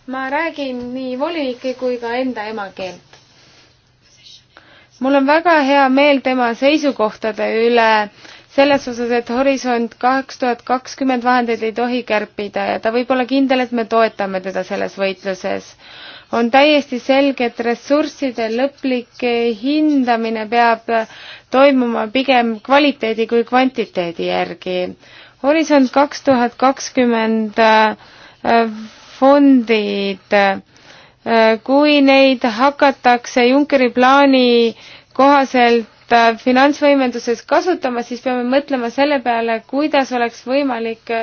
ma räägin nii volinike kui ka enda emakeelt mul on väga hea meel tema seisukohtade üle selles osas, et Horisont kaks tuhat kakskümmend vahendeid ei tohi kärpida ja ta võib olla kindel, et me toetame teda selles võitluses on täiesti selge, et ressursside lõplik hindamine peab toimuma pigem kvaliteedi kui kvantiteedi järgi. Horisont kaks tuhat kakskümmend äh, fondid, äh, kui neid hakatakse Junckeri plaani kohaselt äh, finantsvõimenduses kasutama, siis peame mõtlema selle peale, kuidas oleks võimalik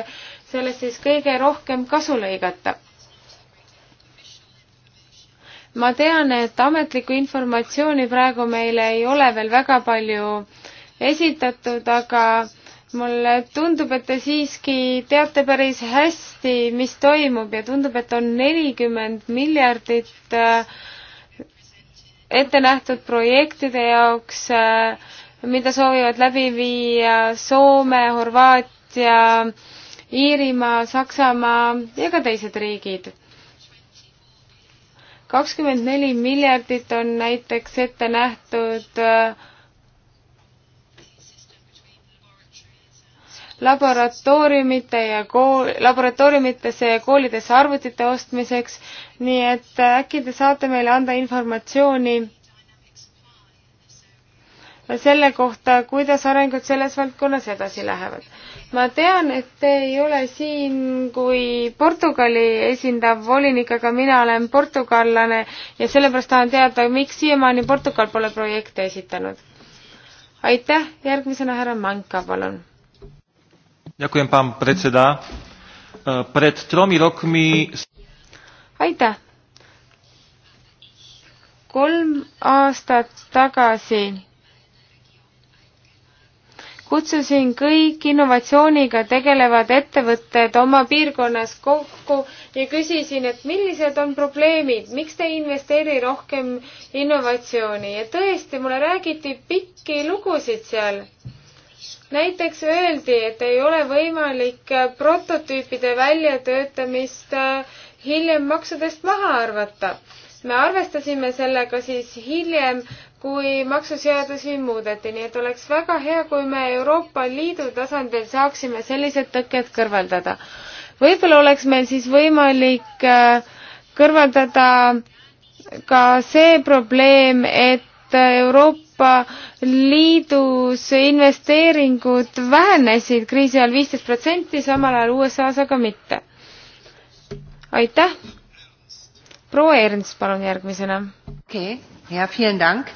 sellest siis kõige rohkem kasu lõigata ma tean, et ametlikku informatsiooni praegu meile ei ole veel väga palju esitatud, aga mulle tundub, et te siiski teate päris hästi, mis toimub ja tundub, et on nelikümmend miljardit äh, ette nähtud projektide jaoks, äh, mida soovivad läbi viia Soome, Horvaatia, Iirimaa, Saksamaa ja ka teised riigid kakskümmend neli miljardit on näiteks ette nähtud äh, laboratooriumite ja kool, laboratooriumitesse ja koolidesse arvutite ostmiseks, nii et äh, äkki te saate meile anda informatsiooni selle kohta, kuidas arengud selles valdkonnas edasi lähevad ma tean, et te ei ole siin kui Portugali esindav volinik, aga mina olen portugallane ja sellepärast tahan teada, miks siiamaani Portugal pole projekte esitanud. aitäh, järgmisena härra Manka, palun. E, aitäh. kolm aastat tagasi kutsusin kõik innovatsiooniga tegelevad ettevõtted oma piirkonnas kokku ja küsisin, et millised on probleemid, miks te ei investeeri rohkem innovatsiooni ja tõesti, mulle räägiti pikki lugusid seal. näiteks öeldi, et ei ole võimalik prototüüpide väljatöötamist hiljem maksudest maha arvata me arvestasime sellega siis hiljem kui maksuseadusi muudeti, nii et oleks väga hea, kui me Euroopa Liidu tasandil saaksime sellised tõkked kõrvaldada. võib-olla oleks meil siis võimalik äh, kõrvaldada ka see probleem, et Euroopa Liidus investeeringud vähenesid kriisi ajal viisteist protsenti, samal ajal USA-s aga mitte. aitäh! proua Ernst, palun järgmisena. okei okay., ja vielen Dank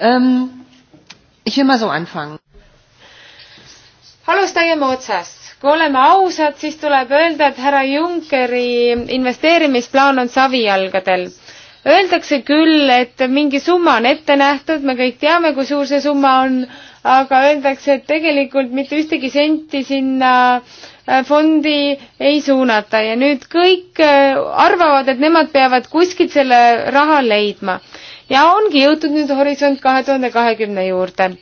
ähm,. Ich will mal so anfangen. alustagem otsast. kui oleme ausad, siis tuleb öelda, et härra Junckeri investeerimisplaan on savijalgadel öeldakse küll, et mingi summa on ette nähtud, me kõik teame, kui suur see summa on, aga öeldakse, et tegelikult mitte ühtegi senti sinna äh, fondi ei suunata ja nüüd kõik äh, arvavad, et nemad peavad kuskilt selle raha leidma ja ongi jõutud nüüd Horisont kahe tuhande kahekümne juurde.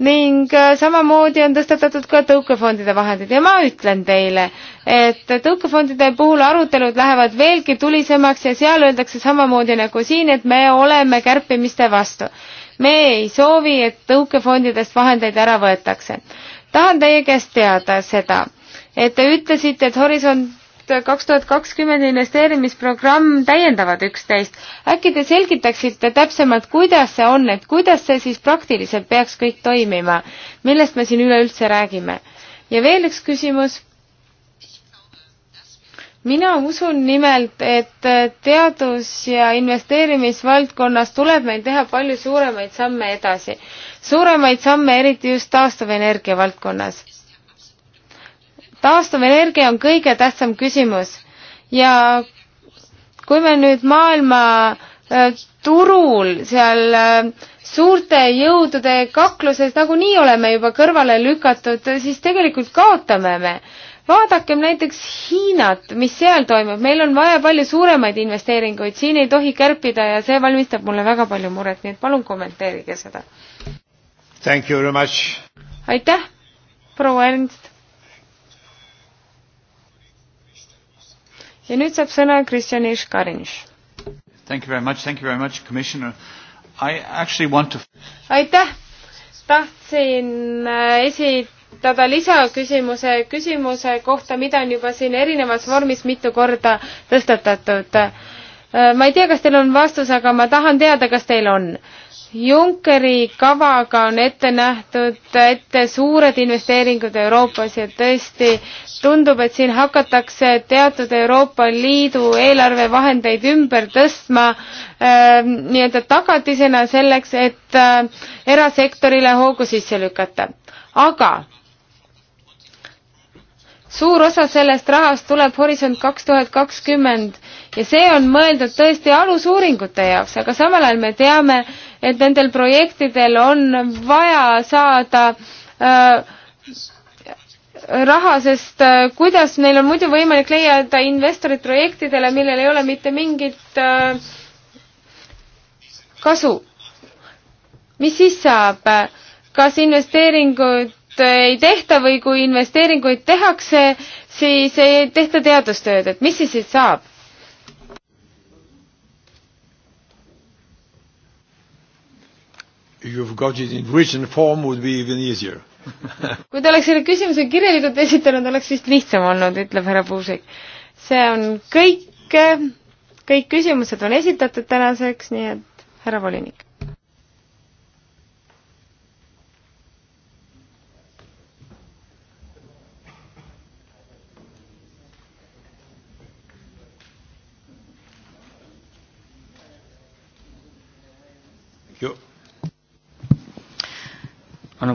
ning äh, samamoodi on tõstatatud ka tõukefondide vahendid ja ma ütlen teile, et tõukefondide puhul arutelud lähevad veelgi tulisemaks ja seal öeldakse samamoodi nagu siin, et me oleme kärpimiste vastu. me ei soovi, et tõukefondidest vahendeid ära võetakse. tahan teie käest teada seda, et te ütlesite, et Horisont Horisont kaks tuhat kakskümmend investeerimisprogramm täiendavad üksteist. äkki te selgitaksite täpsemalt, kuidas see on, et kuidas see siis praktiliselt peaks kõik toimima, millest me siin üleüldse räägime? ja veel üks küsimus. mina usun nimelt, et teadus- ja investeerimisvaldkonnas tuleb meil teha palju suuremaid samme edasi, suuremaid samme eriti just taastuvenergia valdkonnas taastuvenergia on kõige tähtsam küsimus ja kui me nüüd maailma äh, turul seal äh, suurte jõudude kakluses nagunii oleme juba kõrvale lükatud, siis tegelikult kaotame me. vaadakem näiteks Hiinat, mis seal toimub, meil on vaja palju suuremaid investeeringuid, siin ei tohi kärpida ja see valmistab mulle väga palju muret, nii et palun kommenteerige seda. aitäh, proua Ernst. ja nüüd saab sõna Kristjan Iškarinš. Thank you very much, thank you very much, commissioner. I actually want to aitäh, tahtsin äh, esitada lisaküsimuse küsimuse kohta, mida on juba siin erinevas vormis mitu korda tõstatatud. Äh, ma ei tea, kas teil on vastus, aga ma tahan teada, kas teil on. Junckeri kavaga on ette nähtud ette suured investeeringud Euroopas ja tõesti tundub, et siin hakatakse teatud Euroopa Liidu eelarvevahendeid ümber tõstma äh, nii-öelda tagatisena selleks, et äh, erasektorile hoogu sisse lükata. aga suur osa sellest rahast tuleb Horisont kaks tuhat kakskümmend ja see on mõeldud tõesti alusuuringute jaoks, aga samal ajal me teame, et nendel projektidel on vaja saada äh, raha, sest äh, kuidas neil on muidu võimalik leida investorid projektidele, millel ei ole mitte mingit äh, kasu? mis siis saab, kas investeeringud ei tehta või kui investeeringuid tehakse, siis ei tehta teadustööd, et mis siis siit saab? You've got it in written form would be even easier *laughs* kui ta oleks selle küsimuse kirjalikult esitanud, oleks vist lihtsam olnud, ütleb härra Puusik. see on kõik, kõik küsimused on esitatud tänaseks, nii et härra volinik. Uh,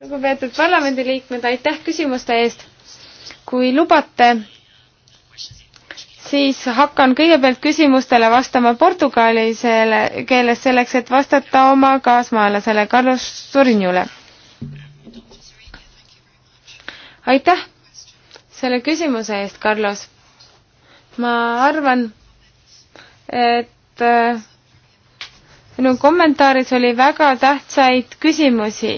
lugupeetud uh... parlamendiliikmed, aitäh küsimuste eest. kui lubate, siis hakkan kõigepealt küsimustele vastama portugali keeles selleks, et vastata oma kaasmaalasele Carlos Sorinule. aitäh selle küsimuse eest, Carlos. ma arvan, et äh, minu kommentaaris oli väga tähtsaid küsimusi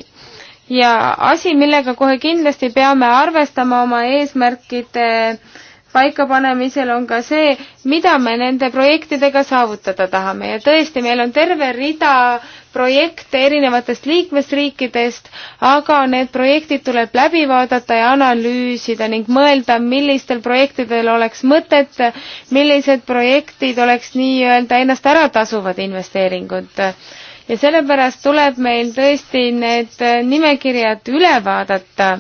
ja asi, millega kohe kindlasti peame arvestama oma eesmärkide äh, paikapanemisel on ka see, mida me nende projektidega saavutada tahame ja tõesti, meil on terve rida projekte erinevatest liikmesriikidest, aga need projektid tuleb läbi vaadata ja analüüsida ning mõelda, millistel projektidel oleks mõtet, millised projektid oleks nii-öelda ennast ära tasuvad investeeringud ja sellepärast tuleb meil tõesti need nimekirjad üle vaadata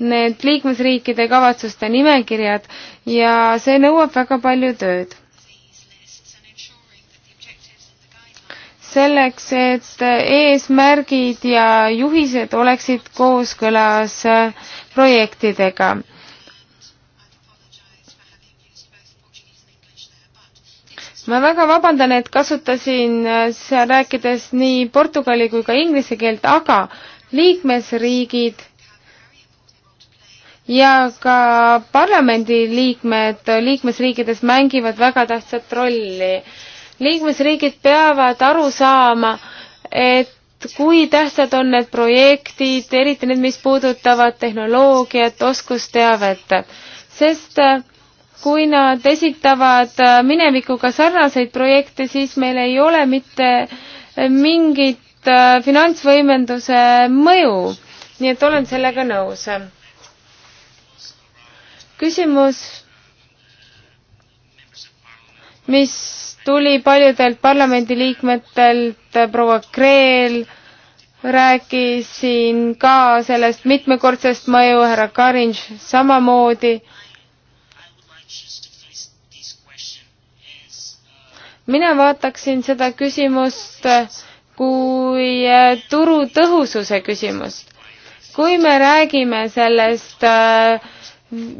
need liikmesriikide kavatsuste nimekirjad ja see nõuab väga palju tööd. selleks, et eesmärgid ja juhised oleksid kooskõlas projektidega ma väga vabandan, et kasutasin seal rääkides nii portugali kui ka inglise keelt, aga liikmesriigid ja ka parlamendiliikmed liikmesriikides mängivad väga tähtsat rolli. liikmesriigid peavad aru saama, et kui tähtsad on need projektid, eriti need, mis puudutavad tehnoloogiat, oskusteavet, sest kui nad esitavad minevikuga sarnaseid projekte, siis meil ei ole mitte mingit äh, finantsvõimenduse mõju. nii et olen sellega nõus küsimus, mis tuli paljudelt parlamendiliikmetelt, proua Kreel rääkisin ka sellest mitmekordsest mõju, härra Karinš samamoodi mina vaataksin seda küsimust kui äh, turu tõhususe küsimust. kui me räägime sellest äh,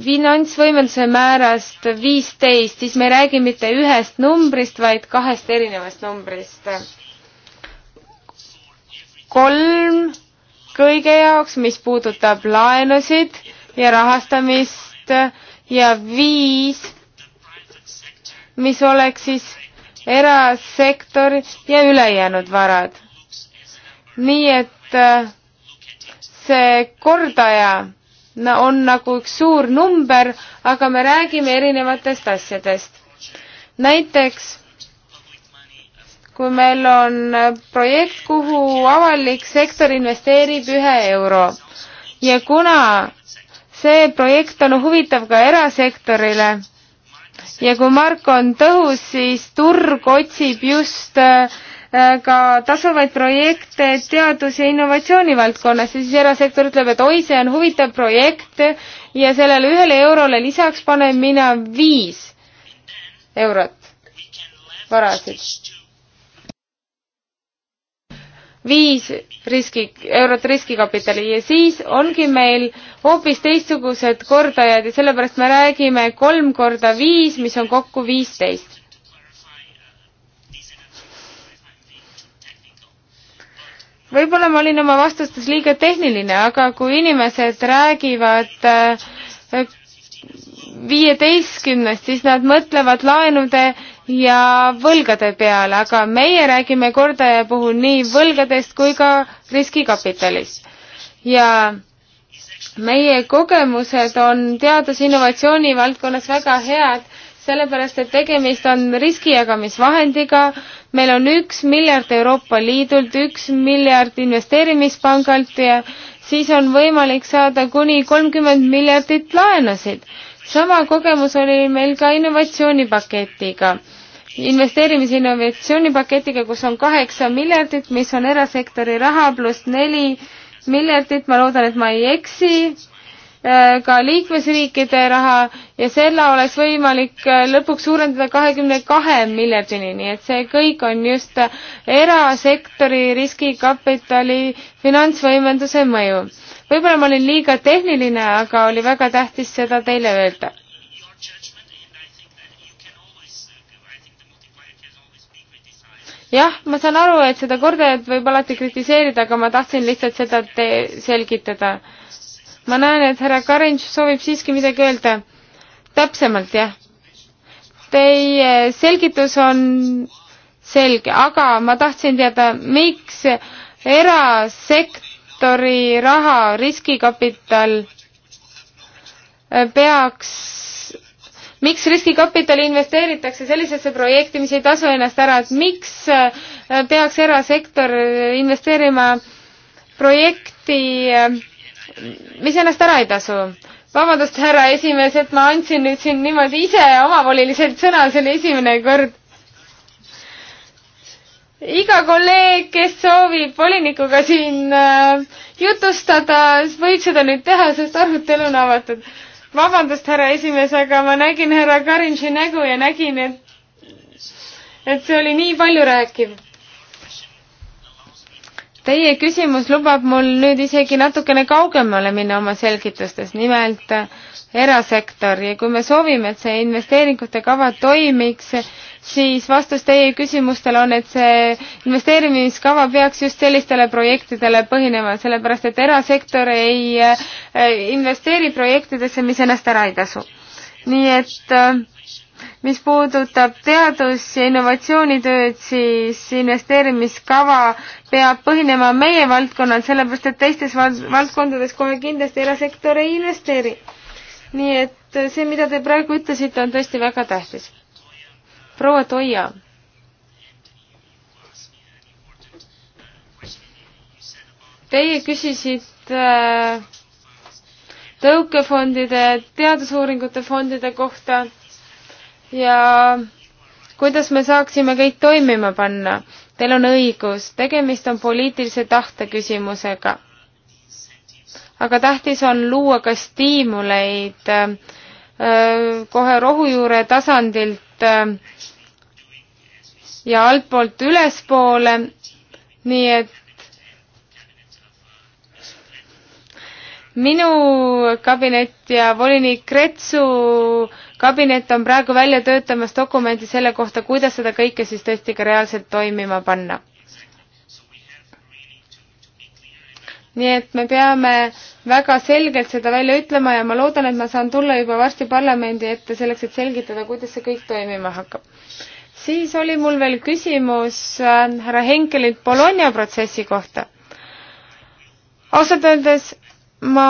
finantsvõimeluse määrast viisteist, siis me ei räägi mitte ühest numbrist, vaid kahest erinevast numbrist. kolm kõige jaoks, mis puudutab laenusid ja rahastamist ja viis, mis oleks siis erasektor ja ülejäänud varad. nii et äh, see kordaja no, on nagu üks suur number, aga me räägime erinevatest asjadest. näiteks kui meil on projekt, kuhu avalik sektor investeerib ühe euro ja kuna see projekt on huvitav ka erasektorile ja kui Marko on tõhus, siis turg otsib just äh, Äh, ka tasuvaid projekte teadus- ja innovatsioonivaldkonnas ja siis erasektor ütleb, et oi, see on huvitav projekt ja sellele ühele eurole lisaks panen mina viis eurot varasid. viis riski, eurot riskikapitali ja siis ongi meil hoopis teistsugused kordajad ja sellepärast me räägime kolm korda viis, mis on kokku viisteist võib-olla ma olin oma vastustes liiga tehniline, aga kui inimesed räägivad äh, viieteistkümnest, siis nad mõtlevad laenude ja võlgade peale, aga meie räägime kordaja puhul nii võlgadest kui ka riskikapitalist. ja meie kogemused on teadus-innovatsiooni valdkonnas väga head sellepärast et tegemist on riskijagamisvahendiga, meil on üks miljard Euroopa Liidult, üks miljard investeerimispangalt ja siis on võimalik saada kuni kolmkümmend miljardit laenusid. sama kogemus oli meil ka innovatsioonipaketiga, investeerimise innovatsioonipaketiga, kus on kaheksa miljardit, mis on erasektori raha pluss neli miljardit, ma loodan, et ma ei eksi Äh, ka liikmesriikide raha ja selle oleks võimalik äh, lõpuks suurendada kahekümne kahe miljardini, nii et see kõik on just erasektori riskikapitali finantsvõimenduse mõju. võib-olla ma olin liiga tehniline, aga oli väga tähtis seda teile öelda. jah, ma saan aru, et seda kordajat võib alati kritiseerida, aga ma tahtsin lihtsalt seda selgitada ma näen, et härra Karinš soovib siiski midagi öelda. täpsemalt, jah. Teie selgitus on selge, aga ma tahtsin teada, miks erasektori raha, riskikapital äh, peaks miks riskikapitali investeeritakse sellisesse projekti, mis ei tasu ennast ära, et miks äh, peaks erasektor investeerima projekti, äh, mis ennast ära ei tasu. vabandust, härra esimees, et ma andsin nüüd siin niimoodi ise omavoliliselt sõna, see oli esimene kord. iga kolleeg, kes soovib volinikuga siin äh, jutustada, võib seda nüüd teha, sest arutelu on avatud. vabandust, härra esimees, aga ma nägin härra Karinši nägu ja nägin, et et see oli nii palju rääkiv Teie küsimus lubab mul nüüd isegi natukene kaugemale minna oma selgitustes, nimelt äh, erasektor ja kui me soovime, et see investeeringute kava toimiks, siis vastus teie küsimustele on, et see investeerimiskava peaks just sellistele projektidele põhinema, sellepärast et erasektor ei äh, investeeri projektidesse, mis ennast ära ei tasu. nii et äh, mis puudutab teadus- ja innovatsioonitööd, siis investeerimiskava peab põhinema meie valdkonnal, sellepärast et teistes vald valdkondades kohe kindlasti erasektor ei investeeri. nii et see, mida te praegu ütlesite, on tõesti väga tähtis. proua Toia. Teie küsisite äh, tõukefondide, teadusuuringute fondide kohta ja kuidas me saaksime kõik toimima panna. Teil on õigus, tegemist on poliitilise tahte küsimusega. aga tähtis on luua ka stiimuleid öö, äh, kohe rohujuure tasandilt öö, äh, ja altpoolt ülespoole, nii et minu kabinet ja volinik Kretsu kabinet on praegu välja töötamas dokumenti selle kohta, kuidas seda kõike siis tõesti ka reaalselt toimima panna. nii et me peame väga selgelt seda välja ütlema ja ma loodan, et ma saan tulla juba varsti parlamendi ette selleks, et selgitada, kuidas see kõik toimima hakkab. siis oli mul veel küsimus äh, härra Henkelilt Bologna protsessi kohta. ausalt öeldes ma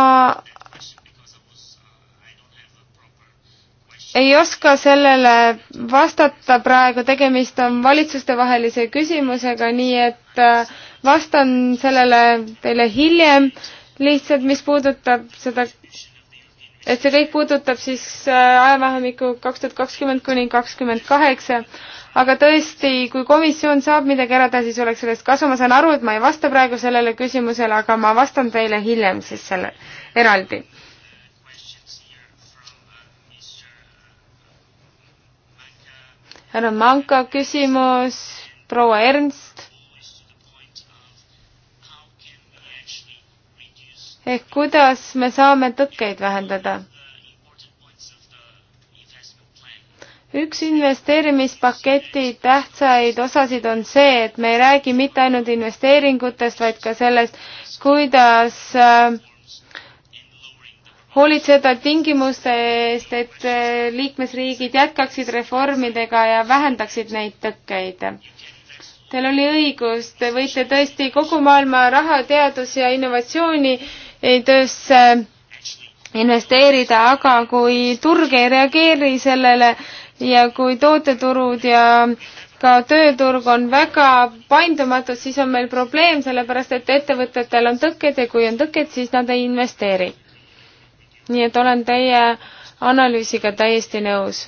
ei oska sellele vastata praegu, tegemist on valitsustevahelise küsimusega, nii et äh, vastan sellele teile hiljem. lihtsalt, mis puudutab seda, et see kõik puudutab siis äh, ajavahemikku kaks tuhat kakskümmend kuni kakskümmend kaheksa, aga tõesti, kui komisjon saab midagi ära teha, siis oleks sellest kasu. ma saan aru, et ma ei vasta praegu sellele küsimusele, aga ma vastan teile hiljem siis selle eraldi härra Manka küsimus, proua Ernst. ehk kuidas me saame tõkkeid vähendada? üks investeerimispaketi tähtsaid osasid on see, et me ei räägi mitte ainult investeeringutest, vaid ka sellest, kuidas äh, hoolitseda tingimuste eest, et eh, liikmesriigid jätkaksid reformidega ja vähendaksid neid tõkkeid. Teil oli õigus, te võite tõesti kogu maailma raha teadus- ja innovatsioonitöösse eh, investeerida, aga kui turg ei reageeri sellele ja kui tooteturud ja ka tööturg on väga paindumatud, siis on meil probleem, sellepärast et ettevõtetel on tõkked ja kui on tõkked, siis nad ei investeeri nii et olen teie analüüsiga täiesti nõus.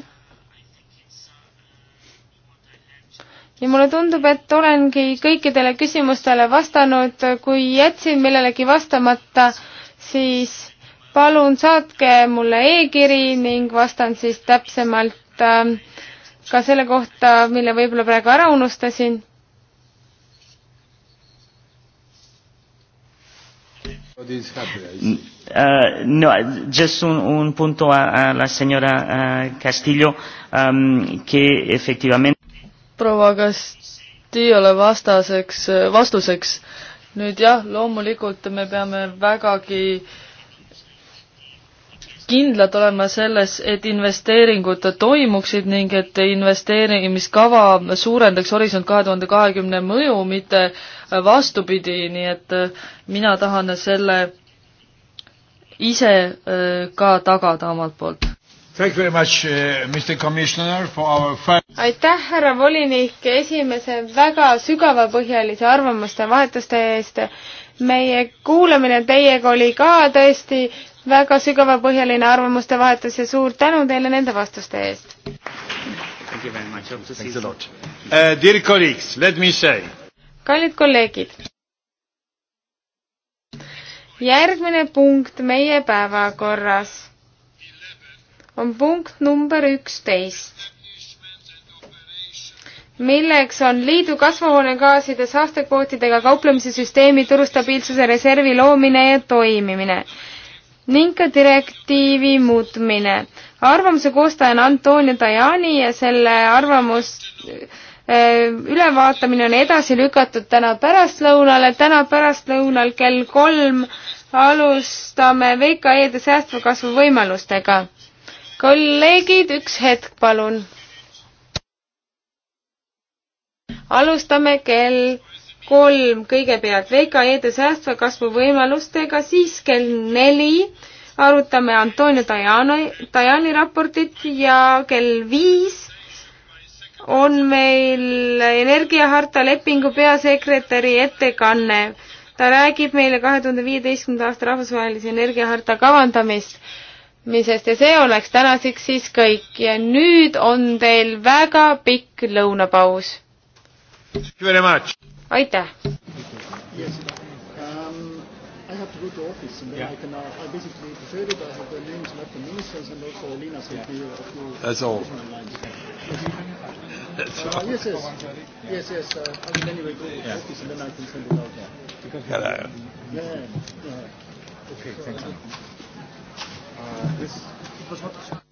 ja mulle tundub, et olengi kõikidele küsimustele vastanud, kui jätsin millelegi vastamata, siis palun saatke mulle e-kiri ning vastan siis täpsemalt ähm, ka selle kohta, mille võib-olla praegu ära unustasin Uh, no, just un, un punto a, a la señora uh, Castillo um, que efectivamente proua Castillole vastaseks, vastuseks nüüd jah, loomulikult me peame vägagi kindlad olema selles, et investeeringud toimuksid ning et investeerimiskava suurendaks Horisont kahe tuhande kahekümne mõju, mitte vastupidi, nii et mina tahan selle ise äh, ka tagada omalt poolt. Much, äh, our... aitäh, härra volinik, esimese väga sügavapõhjalise arvamuste vahetuste eest. meie kuulamine teiega oli ka tõesti väga sügavapõhjaline arvamuste vahetus ja suur tänu teile nende vastuste eest. Uh, kallid kolleegid järgmine punkt meie päevakorras on punkt number üksteist, milleks on liidu kasvuhoonegaaside saastekvootidega kauplemise süsteemi turustabiilsuse reservi loomine ja toimimine ning ka direktiivi muutmine. arvamuse koostaja on Antonio Tajani ja selle arvamust Äh, ülevaatamine on edasi lükatud täna pärastlõunale, täna pärastlõunal kell kolm alustame VKE-de säästva kasvu võimalustega. kolleegid, üks hetk, palun. alustame kell kolm kõigepealt VKE-de säästva kasvu võimalustega, siis kell neli arutame Antonio Tajani, Tajani raportit ja kell viis on meil energiaharta lepingu peasekretäri ettekanne. ta räägib meile kahe tuhande viieteistkümnenda aasta rahvusvahelise energiaharta kavandamist, misest ja see oleks tänaseks siis kõik ja nüüd on teil väga pikk lõunapaus. aitäh! Yes. Um, I have to go to office and then yeah. I can uh, I basically prepared it. I have the names of the ministers and also Alina's yeah. of the, of the also. That's uh, yes, yes. Yes, yes. Uh, I mean, anyway, go yeah. copies and then I can send it out. Yeah. Because Hello. Yeah, yeah. Okay, so, thanks. Uh, this was what.